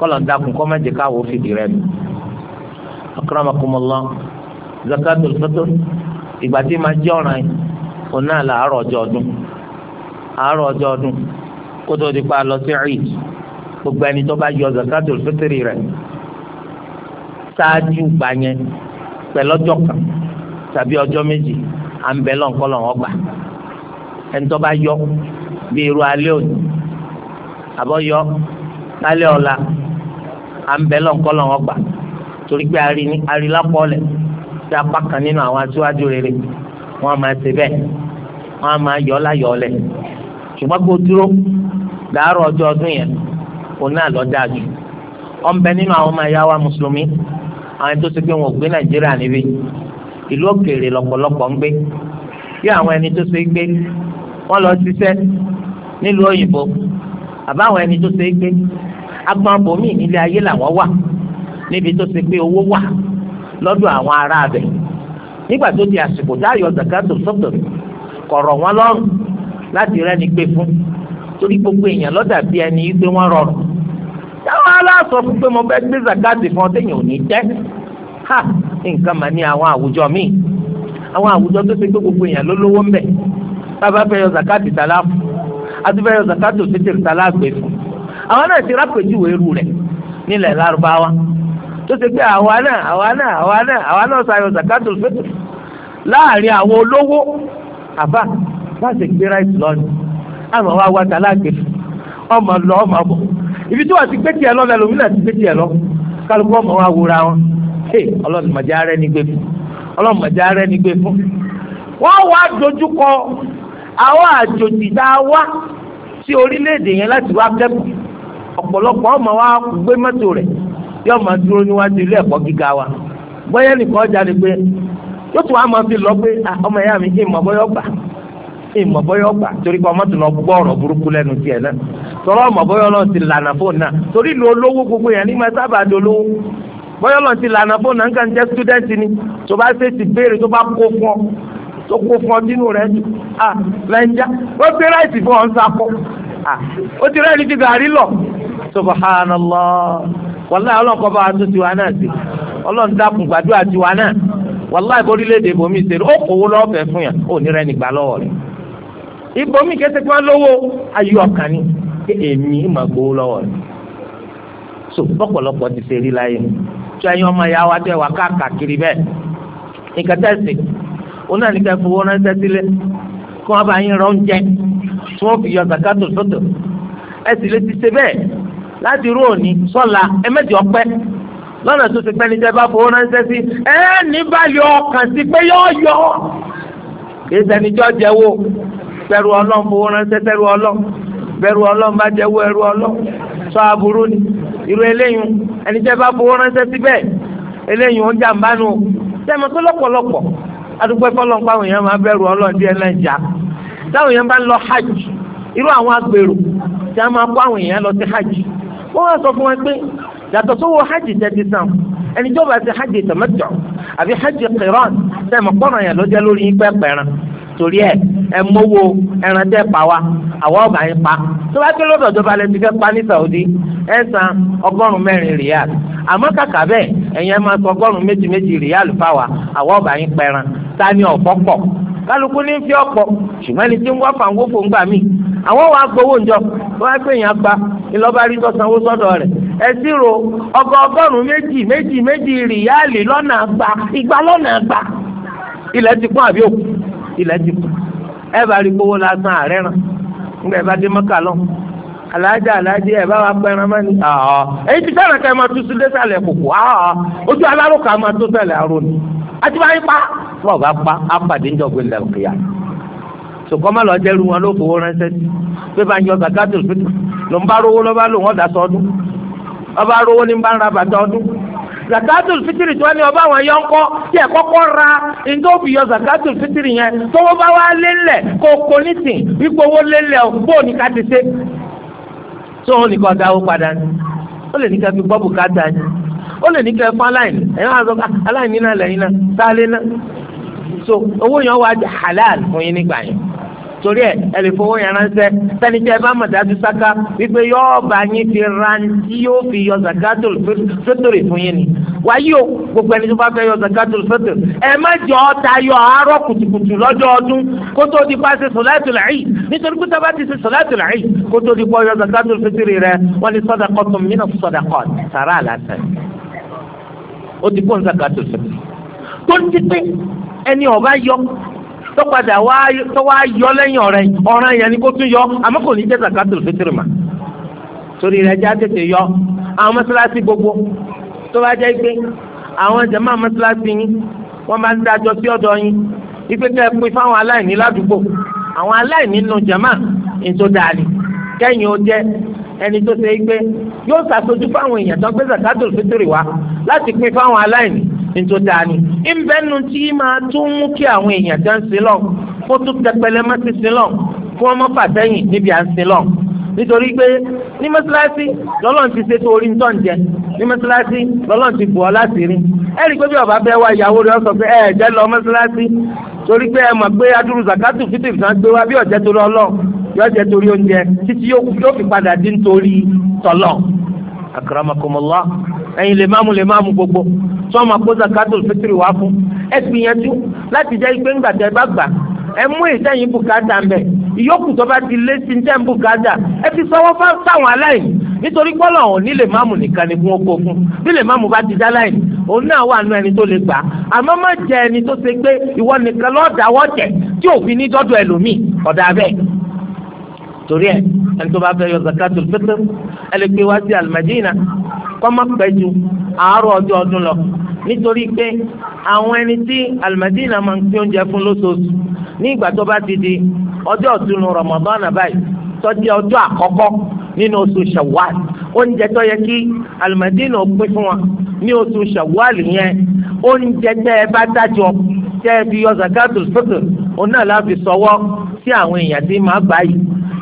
kọ́lọ̀ ń dákun kọ́ mẹ́jẹ káwọ́ fìdí rẹ̀ mi. akramakumullah zakatul fitr ìgbà tí ma jẹ́ ọ̀ràn yìí òun náà là àárọ̀ ọjọ́ ọdún àárọ̀ ọjọ́ ọdún kó di pa lọ sí Eid gbogbo ẹni tó bá yọ zakatul fitr rẹ̀ ṣáájú gbà yẹn pẹ̀lọ́jọ́ kan tàbí ọjọ́ méjì à ń bẹ lọ́nkọ́lọ́ wọn gbà ẹni tó bá yọ bí irú alẹ́ òní àbọ̀ yọ lálẹ́ ọ̀la à ń bẹ lọ́nkọ́lọ́ wọn gbà torí pé arilápọ̀lẹ̀ tí apá kan nínú àwọn aṣíwájú rere wọn máa ṣe bẹ́ẹ̀ wọn máa yọ láyọ̀ ọlẹ̀ ṣùgbọ́n kó dúró dàárọ̀ ọjọ́ ọdún yẹn òun náà lọ dáa jù ọ̀n bẹ nínú àwọn ọmọ ẹ̀yà mùsùlùmí àwọn ẹni tó ṣe pé wọn ò gbé nàìjíríà níbí ìlú òkèèrè lọ̀pọ̀lọpọ̀ ń gbé bí àwọn ẹni tó ṣe gbé wọn lọ ṣiṣẹ́ nílùú òyìnbó àbáwọn ẹni tó ṣe gbé agbọn bòmí ilé ayé làwọn wà níbi tó ti pé owó wà lọ́dọ̀ àwọn ará abẹ nígbà tó di àsìkò dáyọ̀ zakato sọ́tọ̀ kọ̀rọ̀ wọn lọ́rùn láti rẹ́ni pé fún torí gbogbo èèyàn lọ́dà bí ẹni pé wọ́n rọrùn táwọn aláṣọ fún pé mo fẹ́ gbé zakati fún ọ téèyàn ò ní jẹ́ ha nǹkan mà ní àwọn àwùjọ míì àwọn àwùjọ tó ṣe pé gbogbo èèyàn ló lówó ń bẹ bàbá fẹ́ yọ zakati tàlá fún àti fẹ́ yọ zakati òṣèṣe tàlá gbé fún àwọn náà ti rápèjúwe irú rẹ̀ nílẹ̀ lárúbáwá tó ṣe pé àwa náà àwa náà àwa náà àwa náà sàyọ zakatul fitr láàrin àwọn olówó àbá bá ṣe gbé ráìsì lọ́nù àmọ́ wa wá tàlágbé ọmọ lọ ọmọ bọ̀ ibi tí wọ́n ti gbé tiẹ̀ lọ lẹ́nu mi náà ti gbé tiẹ̀ lọ kálukú ọmọ wa wúra wọn ṣe ọlọ́run mọ̀já rẹ ní gbé fún ọlọ́run mọ̀já rẹ ní gbé fún. wọ́n wá dojúkọ àwọn àjòjì tá a wá sí orílẹ̀-èdè yẹn láti wá kẹ́kọ̀ọ́ ọ̀pọ̀lọpọ̀ ọmọ wa gbé mọ́tò rẹ̀ yọ ọmọ dúró níwájú ilé ẹ̀kọ́ gíga wa bóyá nìkan jáde pé yóò tún wá máa fi lọ pé ọmọ ìyá mi ìmọ̀ bóyá ọgbà ìmọ̀ bóyá ọgbà torí pé ọmọ tó lọ gbọ́ ọ̀rọ̀ burúkú lẹ́nu tiẹ̀ náà tọrọ ọmọ bóyá ọlọ́run ti lànà fóònù náà torí olówó gbogbo yẹn ní ma sábà bóyá ọlọ́run ti lànà fóònù náà nǹkan ni tó bá ṣe ti béèrè tó bá kó fún ọ tó kó fún ọ nínú subhanallah wàláyé ọlọ́nkọ́ bá wa tó tiwa náà sí ọlọ́run dákun gbàdúrà tiwa náà bomi ṣe ó kówó lọ́ọ̀fẹ́ fún yàn ó nira ẹni gbà lọ́wọ́ rẹ̀ ibomi kẹsẹ̀ kí wọ́n lówó ayé ọ̀kan ni gbowó lọ́wọ́ rẹ̀ so bọ́pọ̀lọpọ̀ ti ṣe rí láyé mi tí ya ọmọ wa tẹ káàkiri bẹ́ẹ̀ láti rú òní sọ́la ẹ̀mẹ́jì ọpẹ́ lọ́nà tó ti pẹ́ni bá fowó ránṣẹ́ sí ẹ̀ ní báyọ̀ ọkàn sí pé yọ̀ yọ̀ kìí sẹ́ni jọ́ jẹ́wọ́ bẹ̀rù ọlọ́run fowó ránṣẹ́ tẹ́rù ọlọ́run bẹ̀rù ọlọ́run bá jẹ́wọ́ ọlọ́run sọ ni ẹni bá fowó ránṣẹ́ ó ń nù sẹ́mi tó lọ́pọ̀lọpọ̀ adúgbò wọ́n wá sọ fún wa pé yàtọ̀ sówó hajj tẹ́tí sàn ẹni tó bá ti hajj tamattu àbí hajj qiran sẹ́mi kọ́nà yẹn ló jẹ́ lórí yín pẹ́ẹ́pẹ́ẹ́rán torí ẹ ẹ mọ́wó ẹran tẹ́ pa wa àwa ọ̀gá yín pa tó bá dé lọ́dọ̀ tó balẹ̀ ti fẹ́ pa ní Saudi ẹ san ọgọ́rùn-ún mẹ́rin rìal àmọ́ kàkà bẹ́ẹ̀ ẹ̀yin ẹ máa sọ ọgọ́rùn-ún méjì méjì rìal fáwa àwa ọ̀gá yín pẹ́ẹ́rán ta ni ọ̀fọ́ pọ̀ kálukú ní fi ọ̀pọ̀ ṣùgbọ́n ẹni tí ń wá fàǹgófò ńgbà mí àwọn wàá gbowó ńjọ wọ́n á pè yàn gba rí sọ́dọ̀ rẹ̀ ẹ sì ro ọgọ́ ọgọ́rùn-ún méjì méjì méjì rìyáàlì lọ́nà àgbà ìgbà lọ́nà àgbà ilẹ̀ ti kún àbí òkú ilẹ̀ ti kún ẹ bá rí gbowó lásán ààrẹ ràn ńgbà ẹ bá lọ alájà alájà ẹ bá àti báyìí pa wọn ò bá pa àpàdé ńjọgbìn lẹ́kìá lọ jẹ́rú wọn ló fowó ránṣẹ́ sí pé ń yọ zakatul fitr ló ń bá rówó ló bá lò wọ́n ọdún ọba rówó ní bá ń ra bàtà ọdún zakatul ní ọba àwọn tí ra yọ zakatul yẹn bá wípé owó bó ní ká ti ṣe tó wọn dáwó padà ó lè ní ó lè ní kẹ́ fún aláìní ẹ̀yin wá sọ pé aláìní náà lẹ́yìn náà sálé náà so owó yẹn wá halal fún yín nígbà yẹn torí ẹ ẹ lè fowó yẹn ránṣẹ́ sẹni tí ẹ bá mọ̀ dájú sáká wípé yóò bá yín fi rántí yóò fi yọ zakatul fẹtọrì fún yín ni wáyé o gbogbo ẹni tó bá fẹ́ yọ zakatul fẹtọrì ẹ má jẹ ọta yọ àárọ̀ kùtùkùtù lọ́jọ́ ọdún kó tó di pa ṣe sọláàtùl Eid nítorí pé tá bá ti ṣe sọláàtùl Eid kó tó di pa yọ zakatul fẹtọrì rẹ wọn ni sadaqatun minas sadaqat sàrà àlàsẹ ó ti kún zakatul fitr tó ń ti pé ẹni ọba yọ tó padà yọ lẹ́yìn ọ̀rẹ́ ọ̀ràn yẹn ni kó tún yọ àmọ́ kò ní jẹ́ zakatul fitr mà torí rẹ̀ já tètè yọ àwọn mọ́sálásí gbogbo tó bá jẹ́ pé àwọn jàmáà mọ́sálásí yín wọ́n máa ń dájọ́ sí ọ̀dọ̀ yín ipe kẹ́ ẹ pín fáwọn aláìní ládùúgbò àwọn aláìní nù jàmáà ètò ẹni tó ṣe é gbé yóò ṣàṣojú fáwọn èèyàn tó gbé zakatul fitiri wá láti pín fáwọn aláìní ní tó dáa ni ìbẹ́nu tí máa tún mú kí àwọn èèyàn tó ń sin lọ kó tún tẹpẹlẹ mọ́ sí sin lọ kí wọ́n mọ́ fàtẹ́yìn níbi à ń sin lọ nítorí pé ní mọ́sálásí lọ́lọ́run ti ṣètò orí ńtọ́ ǹjẹ́ ní mọ́sálásí lọ́lọ́run ti bù ọ́ láti rí ẹ rí i pé bí ọba bẹ́ẹ̀ wá ìyàwó rẹ̀ sọ pé ẹ jẹ́ lọ mọ́sálásí torí pé ẹ mọ̀ pé adúrú zakatu fitiri kan gbé wá bí ọ̀jẹ́ torí ọlọ́run yóò jẹ torí oúnjẹ títí yóò fi padà dín torí tọlọ akaramakomola ẹyin lè máàmù lè máàmù gbogbo tí wọn máa kó zakatul fitiri wá fún ẹ gbìyànjú láti jẹ ipe ńgbà tẹ bá gbà ẹ mú ìtẹ̀yìn bùkátà ń bẹ̀ ìyókù tó bá ti lé sí ń tẹ̀yìn bùkátà ẹ fi sọ́wọ́ fáwọn aláìní nítorí pọ́lọ̀ ọ̀hún ní lè máàmù nìkan ni fún oko fún bí lè máàmù bá ti dá òun náà wà nù ẹni tó lè gbà àmọ́ má jẹ ẹni tó ṣe pé ìwọ nìkan lọ́ọ̀dà wọ́ọ̀tẹ̀ tí òfin ní dọ́dọ̀ ẹlòmíì ọ̀dà bẹ́ẹ̀ torí ẹ ẹni tó bá fẹ́ yọ zakatul fitr ẹ lè pé wá sí alimadina kọ́mọ pẹ́jù àárọ̀ ọjọ́ ọdún lọ nítorí pé àwọn ẹni tí alimadina máa ń pín oúnjẹ fún lóṣooṣù ní ìgbà tó bá ti di ọjọ́ ọ̀túnú Ramadan báyìí tó jẹ́ ọjọ́ nínú oṣù shawal oúnjẹ tó yẹ kí alimadina pín fún wa ní oṣù Shawwal yẹn oúnjẹ tẹ ẹ bá dájọ tẹ ẹ fi yọ zakatul fitr òun náà láti sọwọ́ sí àwọn èèyàn tí màá bá yìí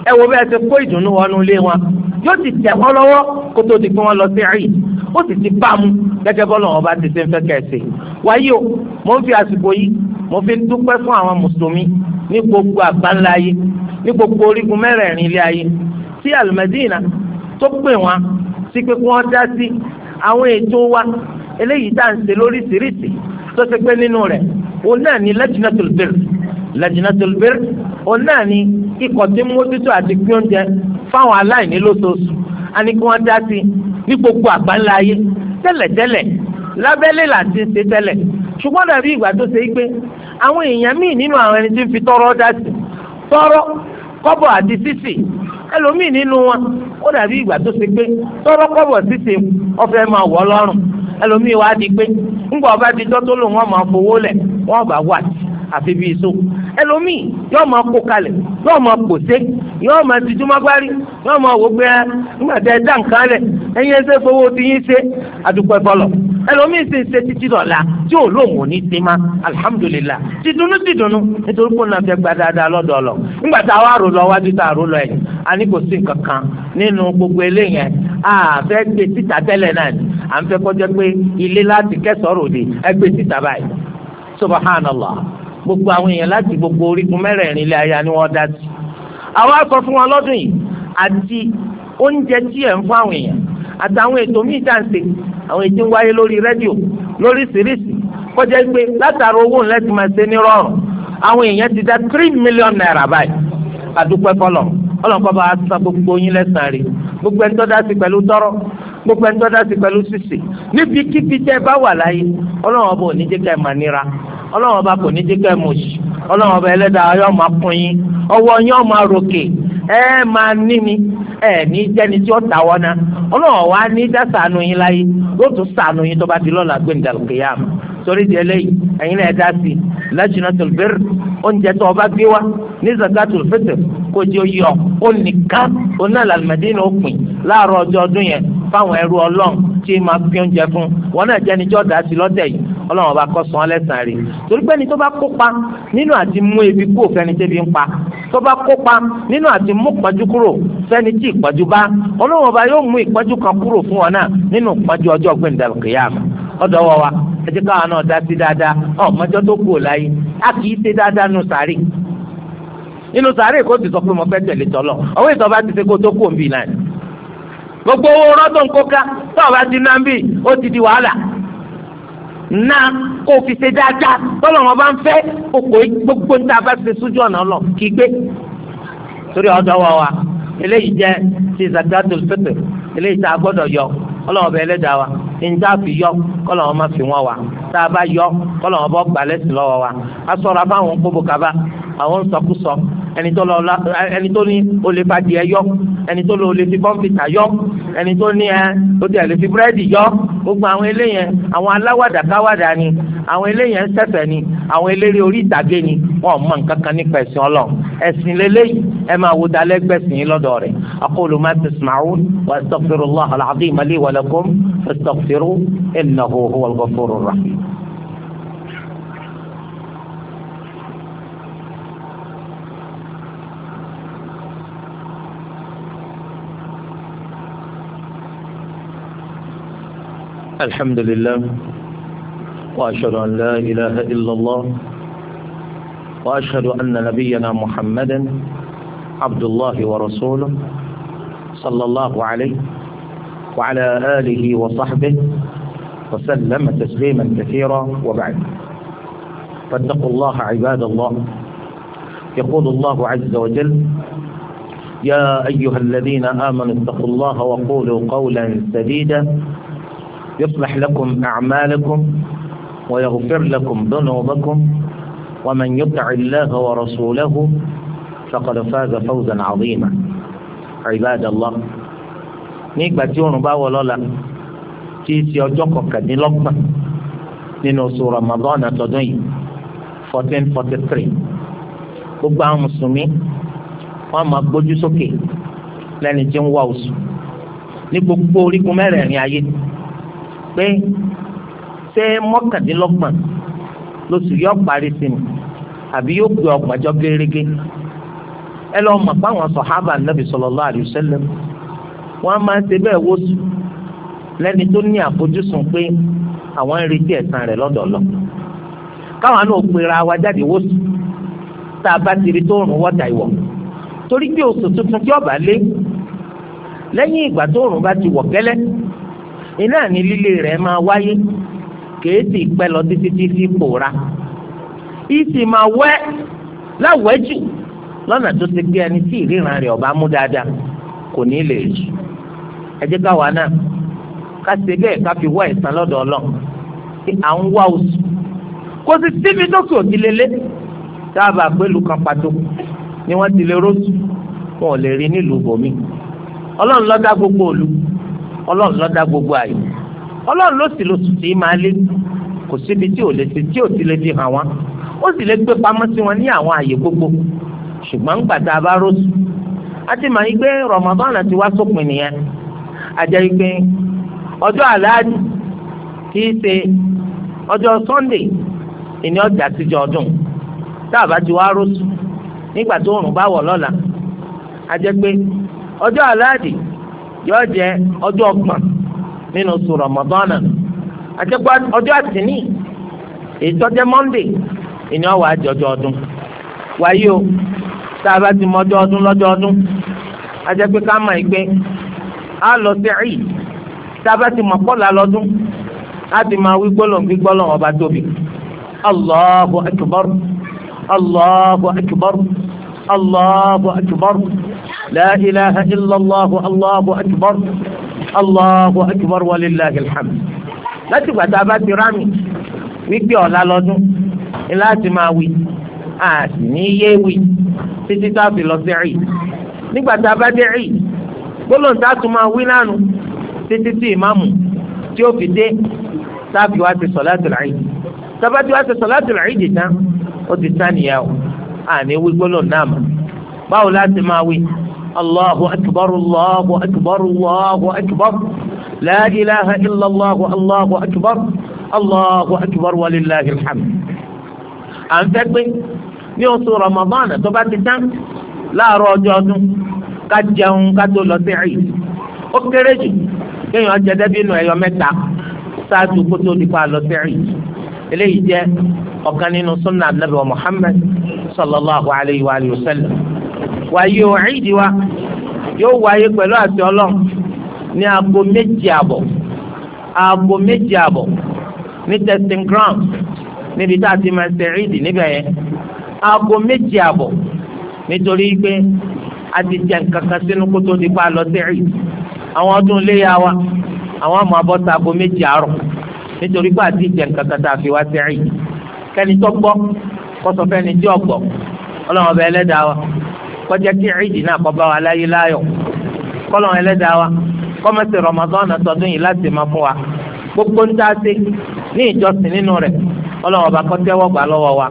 ẹ wo bẹ́ẹ̀ ti kó ìdùnnú wọnú ilé wọn yóò ti tẹ̀ wọ́n lọ́wọ́ kó tó di pé wọ́n lọ sí ẹ̀yìn ó sì ti bá mu gẹ́gẹ́ bọ́lá ọba ti ṣe ń fẹ́ kẹ̀sì wáyé o mo ń fi àsìkò yìí mo fi dúpẹ́ fún àwọn mùsùlùmí ní gbogbo àgbáńlá ayé ní gbogbo orígun mẹ́rẹ̀ẹ̀rin ilé ayé sí almadina tó pè wọn sí pé kí wọ́n dá sí àwọn ètò wa eléyìí tá à ń ṣe lóríṣiríṣi tó ṣe pé nínú rẹ̀ òun náà ni lajnatul birr lajnatul birr òun náà ni ikọ̀ tí ń mójútó àti pín oúnjẹ fáwọn aláìní lóṣooṣù a ní kí wọ́n dá sí ní gbogbo àgbáńlá ayé tẹ́lẹ̀tẹ́lẹ̀ lábẹ́lé láti ṣe tẹ́lẹ̀ ṣùgbọ́n dàbí ìgbà tó ṣe pé àwọn èèyàn míì nínú àwọn ẹni tí ń fi tọrọ dá sí tọrọ kọ́bọ̀ àti sísì ẹlòmíì nínú wọn ó dàbí ìgbà tó ṣe pé tọ́rọ́ kọ́bọ̀ síse ọ̀fẹ́ máa wọ̀ lọ́rùn ẹlòmíì wá di pé ńgbà ọba ti tọ́ tó lò wọ́n máa fowó lẹ̀ wọ́n bá wà sí àfi bíi so ẹlòmíì yóò máa kó kalẹ̀ yóò máa pòṣe yóò máa tijú mágbárí yóò máa wò pé ah, nígbà tẹ ẹ dá nǹkan lẹ̀ ẹ̀yin ẹsẹ̀ fowó ti yín ṣe àdúpẹ́ fọlọ̀ ẹlòmíì sì ń ṣe títí dọ̀la tí ò lóun ò ní ti ma alihamudulilayi ti dunu ti dunu nítorí gba dáadáa lọ́dọ̀ nígbà tá a wá rò lọ wájú tá a rò lọ a ní kò sí nínú gbogbo a fẹ́ gbé tẹ́lẹ̀ náà ni à ń fẹ́ kọjá pé ilé láti gbogbo àwọn èèyàn láti gbogbo orígun mẹ́rẹ̀ẹ̀rin ilé aya ni wọ́n dá sí. àwọn akọ fún wọn lọ́dún yìí àti oúnjẹ tí ẹ̀ ń fún àwọn èèyàn àtàwọn ètò míì tá à ń ṣe àwọn ètò ń wáyé lórí rédíò lórí sírísì kọjá pé látara owó ńlẹ́ ti máa ṣe ní rọrùn àwọn èèyàn ti dá three million naira báyìí àdúpẹ́ fọlọ́ ọlọ́nkọ́ bá sa gbogbo yín lẹ́sàn-án rí gbogbo ẹni tó dá sí pẹ̀lú tọ́rọ́ gbogbo ẹni tó dá sí pẹ̀lú sísì níbi kíbi tẹ́ bá wà láyé ọlọ́run ọba ò ní jẹ́ ká ẹ mà nira ọlọ́run ọba kò ní jẹ́ kẹ́ mọ̀ sí ọlọ́run ọba ẹlẹ́dàá yóò máa kún yín ọwọ́ yín ó máa ròkè ẹ máa ní ni ẹ ní jẹ́ni tí ó ta wọ́n na ọlọ́run ọba ní dá ṣàánú yín láyé yóò tún ṣàánú yín tó bá di lọ́la gbẹ̀ǹdàlùkìyàm torí di eléyìí ẹ̀yin náà ẹ dá sí lajinatul birr oúnjẹ tó ọba gbé wá ní zakatul fitr kò jẹ́ oyè ó nìkan òun náà làlùmẹ́dínà ó pin láàárọ̀ ọjọ́ ọdún yẹn fáwọn ẹrú ọlọ́run tí máa fi oúnjẹ fún wọn náà jẹ́ni tí ó dá sí lọ́tẹ̀ yìí ọlọ́run ọba kó san án lẹ́san rẹ̀ torí pé ẹni tó bá kópa nínú àti mú ebi kú òfẹ́ni tẹ́bi ń pa tó bá kópa nínú àti mú ìpọ́njú kúrò fẹ́ni tí ìpọ́njú bá ọlọ́run ọba yóò mú ìpọ́njú kan kúrò fún ọ náà nínú ìpọ́njú ọjọ́ gbẹ̀ndàkìyàmù ọ̀dọ̀ wọ wa ẹ jẹ́ káwọn náà dá sí dáadáa ọmọjọ́ tó kú ò láyé a kì í ṣe dáadáa nù sàárì inú sàárè kó ti sọ pé mo fẹ́ tẹ̀lé tọ́lọ̀ ọwọ́ ìtọ́ba ti ṣe kó tó kú òǹbì náà gbogbo owó rọ́dọ̀ ń kó ká tọ́ọ̀bá ti ná ń bì ó ti di wàhálà ná kó o fi ṣe dáadáa bọ́lá wọn bá ń fẹ́ okò gbogbo níta bá ṣe sójú ọ̀nà lọ kí gbé torí wa wa eléyìí jẹ́ ti zakatul fitr eléyìí tá a gbọ́dọ̀ yọ ọlọ́wọ́ wa níta fi yọ kọ́lọ́wọ́ má fi wọ́n wa tá a bá yọ kọ́lọ́wọ́ bọ́ gbalẹ́sì lọ́wọ́ wa a sọ̀rọ̀ abáwọn kaba àwọn sọkúsọ ẹni tó lọ ẹni tó ní o lè fa díẹ̀ yọ ẹni tó lọ o lè fi kọ́mpútà yọ ẹni tó ní ẹ o tẹ̀ lè fi búrẹ́dì yọ gbogbo àwọn eléyẹn àwọn aláwàdà káwàdà ni àwọn eléyẹn ń ṣẹ̀fẹ̀ ni àwọn eléré orí ìtàgé ni wọn ò mọ nǹkan kan nípa ẹ̀sìn Ọlọ́run ẹ̀sìn lélẹ́yìí ẹ máa wo dalẹ́ gbẹ̀sìn lọ́dọ̀ rẹ̀ aqulu ma tasma'un wa astaghfirullah al-azim li wa lakum fastaghfiruhu innahu huwal ghafurur rahim. الحمد لله وأشهد أن لا إله إلا الله وأشهد أن نبينا محمدا عبد الله ورسوله صلى الله عليه وعلى آله وصحبه وسلم تسليما كثيرا وبعد فاتقوا الله عباد الله يقول الله عز وجل يا أيها الذين آمنوا اتقوا الله وقولوا قولا سديدا يصلح لكم أعمالكم ويغفر لكم ذنوبكم ومن يطع الله ورسوله فقد فاز فوزا عظيما عباد الله nígbà tí oòrùn bá wọ̀ lọ́la tí í ṣe ọjọ́ kọkàndínlọ́gbọ̀n nínú oṣù Ramadan àtọdún yìí fourteen forty three gbogbo àwọn mùsùlùmí wọn máa gbójú sókè lẹ́ni tí ń wá oṣù ní gbogbo orígun mẹ́rẹ̀ẹ̀rin ayé pé ṣé mọ́kàndínlọ́gbọ̀n lóṣù yọ parí sí mi àbí yóò gbé ọgbọ̀njọ́ gérégé ẹ lọ́ọ́ mọ̀ pé àwọn sọ̀hábà nàbì sallallahu alaihi wasallam wọ́n máa ń ṣe bẹ́ẹ̀ wóṣù lẹ́ni tó ní àfojúsùn pé àwọn ń retí ẹ̀san rẹ̀ lọ́dọ̀ lọ káwọn náà pera wa jáde wóṣù tá a bá ti rí tó rùn wọ́tà ìwọ̀ torí pé oṣù tuntun tí ọba lé lẹ́yìn ìgbà tó bá ti wọ̀ gẹ́lẹ́ iná ní líle rẹ máa wáyé kèé sì pẹ́ lọ títí tí fi pòórá ìsì máa wẹ́ láwẹ́ jù lọnà tó ti gbé ẹni tí ìríran rẹ̀ ọba mú dáadáa kò ní lè jù ẹ jẹ́ káwa náà ká ṣe bẹ́ẹ̀ ká fi wá ìsan lọ́dọ̀ ọlọ́run tí à ń wá oṣù kò sì síbi tó sùn òdì lélẹ̀ kan pàtó ni wọ́n ti lè rọ́ọ̀sù wọn ò lè rí nílùú bòmí ọlọ́run ló dá gbogbo òlu ọlọ́run ló gbogbo àyè ọlọ́run ló sì lọ sùtì máa lé kò síbi tí ò lè ti tí ò ti lè fi hàn wọ́n ó sì lè gbé pamọ́ sí wọn ní àwọn àyè gbogbo ṣùgbọ́n ńgbà tá a bá rọ́ọ̀sù a ti mọ̀ wípé Ramadan ti wá sópin nìyẹn a jẹ́ ọjọ́ aláàjì kì í ṣe ọjọ́ Sunday ìní ọjà àtijọ́ ọdún tá a bá ti wá rọ́ọ̀sù nígbà tó rùn bá wọ̀ lọ́la a pé ọjọ́ aláàjì yóò jẹ ọjọ́ ọgbọ̀n nínú oṣù a bá ti mọ ọdún ọdún ká mọ ìgbẹ á lọ sí ẹyì tá a bá ti mọ kọlà lọ́dún á ti máa wí gbọlọ wí gbọlọ ọba tóbi Allahu akbar Allahu akbar Allahu لا إله إلا الله الله أكبر الله أكبر ولله الحمد láti gbà tá a bá ti rámì wípé ọ̀la lọ́dún ni láti máa wí a sì ní yé wí títí tá a fi lọ sí rí nígbà tá a bá dé rí gbólóhùn tá a tún máa wí nánu títí tí ìmáàmù tí ó fi dé tá a fi wá ti sọ̀láàtì rí tá a bá ti wá ti sọ̀láàtì rí dì ó ti tán nìyà àní wí gbólóhùn náà mọ̀ báwo láti máa wí. الله أكبر الله أكبر الله أكبر لا إله إلا الله الله أكبر الله أكبر ولله الحمد أن تقبل يوصو رمضان تبات تام لا رجعون كجون كدو لطعي أكرجي كي يوجد بينو يومتا ساتو كتو لفا لطعي إليه جاء وكان ينصنع النبي محمد صلى الله عليه وآله وسلم wáyé o ìdí wa yóò wáyé pẹ̀lú àti ọlọ́run ní aago méjì àbọ̀ aago méjì àbọ̀ ní testing ground níbi tá a ti máa ṣe ìdí níbẹ̀ yẹn aago méjì àbọ̀ nítorí pé a ti jẹ nǹkan kan sínú kótó nípa lọ sí ìdí àwọn ọdún iléyà wa àwọn àmọ́ abọ́ta aago méjì àárọ̀ nítorí pé àti jẹ nǹkan kan tá a fi wá sí ìdí kẹ́ni tó gbọ́ kọ́sọ̀fẹ́ni tí ọ̀gbọ́ ọlọ́run ọba ẹlẹ́dàá wa kọjá kí ẹ̀ẹ́dì náà kọ́ bá wa láyé láyọ̀ kọ́lọ̀ ẹlẹ́dàá wa kọ́mẹ́sì Ramadan tọdún yìí láti máa fún wa gbogbo ń dá sí ní ìjọsìn nínú rẹ̀ ọlọ́run ọba kọ́ tẹ́wọ́ gbà lọ́wọ́ wa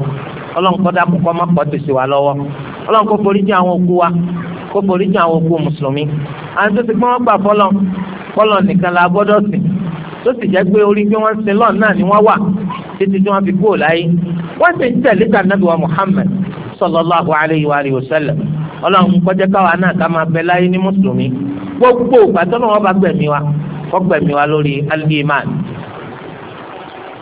ọlọ́run kọ́ dákun kọ́ má pọ̀ tòṣì wa lọ́wọ́ ọlọ́run kó foríjì àwọn òkú wa kó foríjì àwọn òkú mùsùlùmí àwọn tó ti pọ́n wọn gbà fọlọ́ fọlọ́ nìkan la gbọ́dọ̀ sìn tó sì jẹ́ pé orí bí wọ́n ń sin lọ́ọ̀ náà ni wọ́n wà títí tí wọ́n fi kúrò láyé wọ́n sì ń tẹ̀lé tànàbí wa Muhammad sallallahu alayhi wa sallam ọlọ́run kọjá káwa náà ká máa bẹ láyé ní mùsùlùmí gbogbo ìgbà tó lọ́wọ́ bá gbẹ̀mí wa kọ́ gbẹ̀mí wa lórí al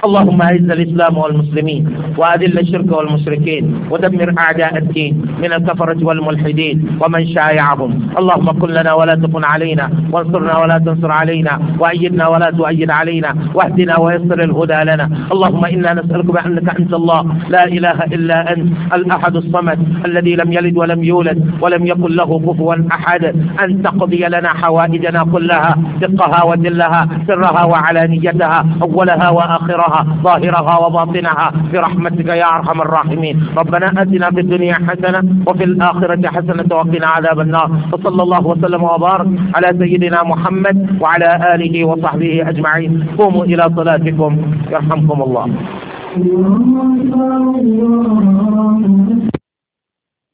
اللهم أعز الإسلام والمسلمين وأذل الشرك والمشركين ودمر أعداء الدين من الكفرة والملحدين ومن شايعهم اللهم كن لنا ولا تكن علينا وانصرنا ولا تنصر علينا وأيدنا ولا تؤيد علينا واهدنا ويسر الهدى لنا اللهم إنا نسألك بأنك أنت الله لا إله إلا أنت الأحد الصمد الذي لم يلد ولم يولد ولم يكن له كفوا أحد أن تقضي لنا حوائجنا كلها دقها ودلها سرها وعلانيتها أولها وآخرها وتقواها ظاهرها وباطنها برحمتك يا أرحم الراحمين ربنا أتنا في الدنيا حسنة وفي الآخرة حسنة وقنا عذاب النار وصلى الله وسلم وبارك على سيدنا محمد وعلى آله وصحبه أجمعين قوموا إلى صلاتكم يرحمكم الله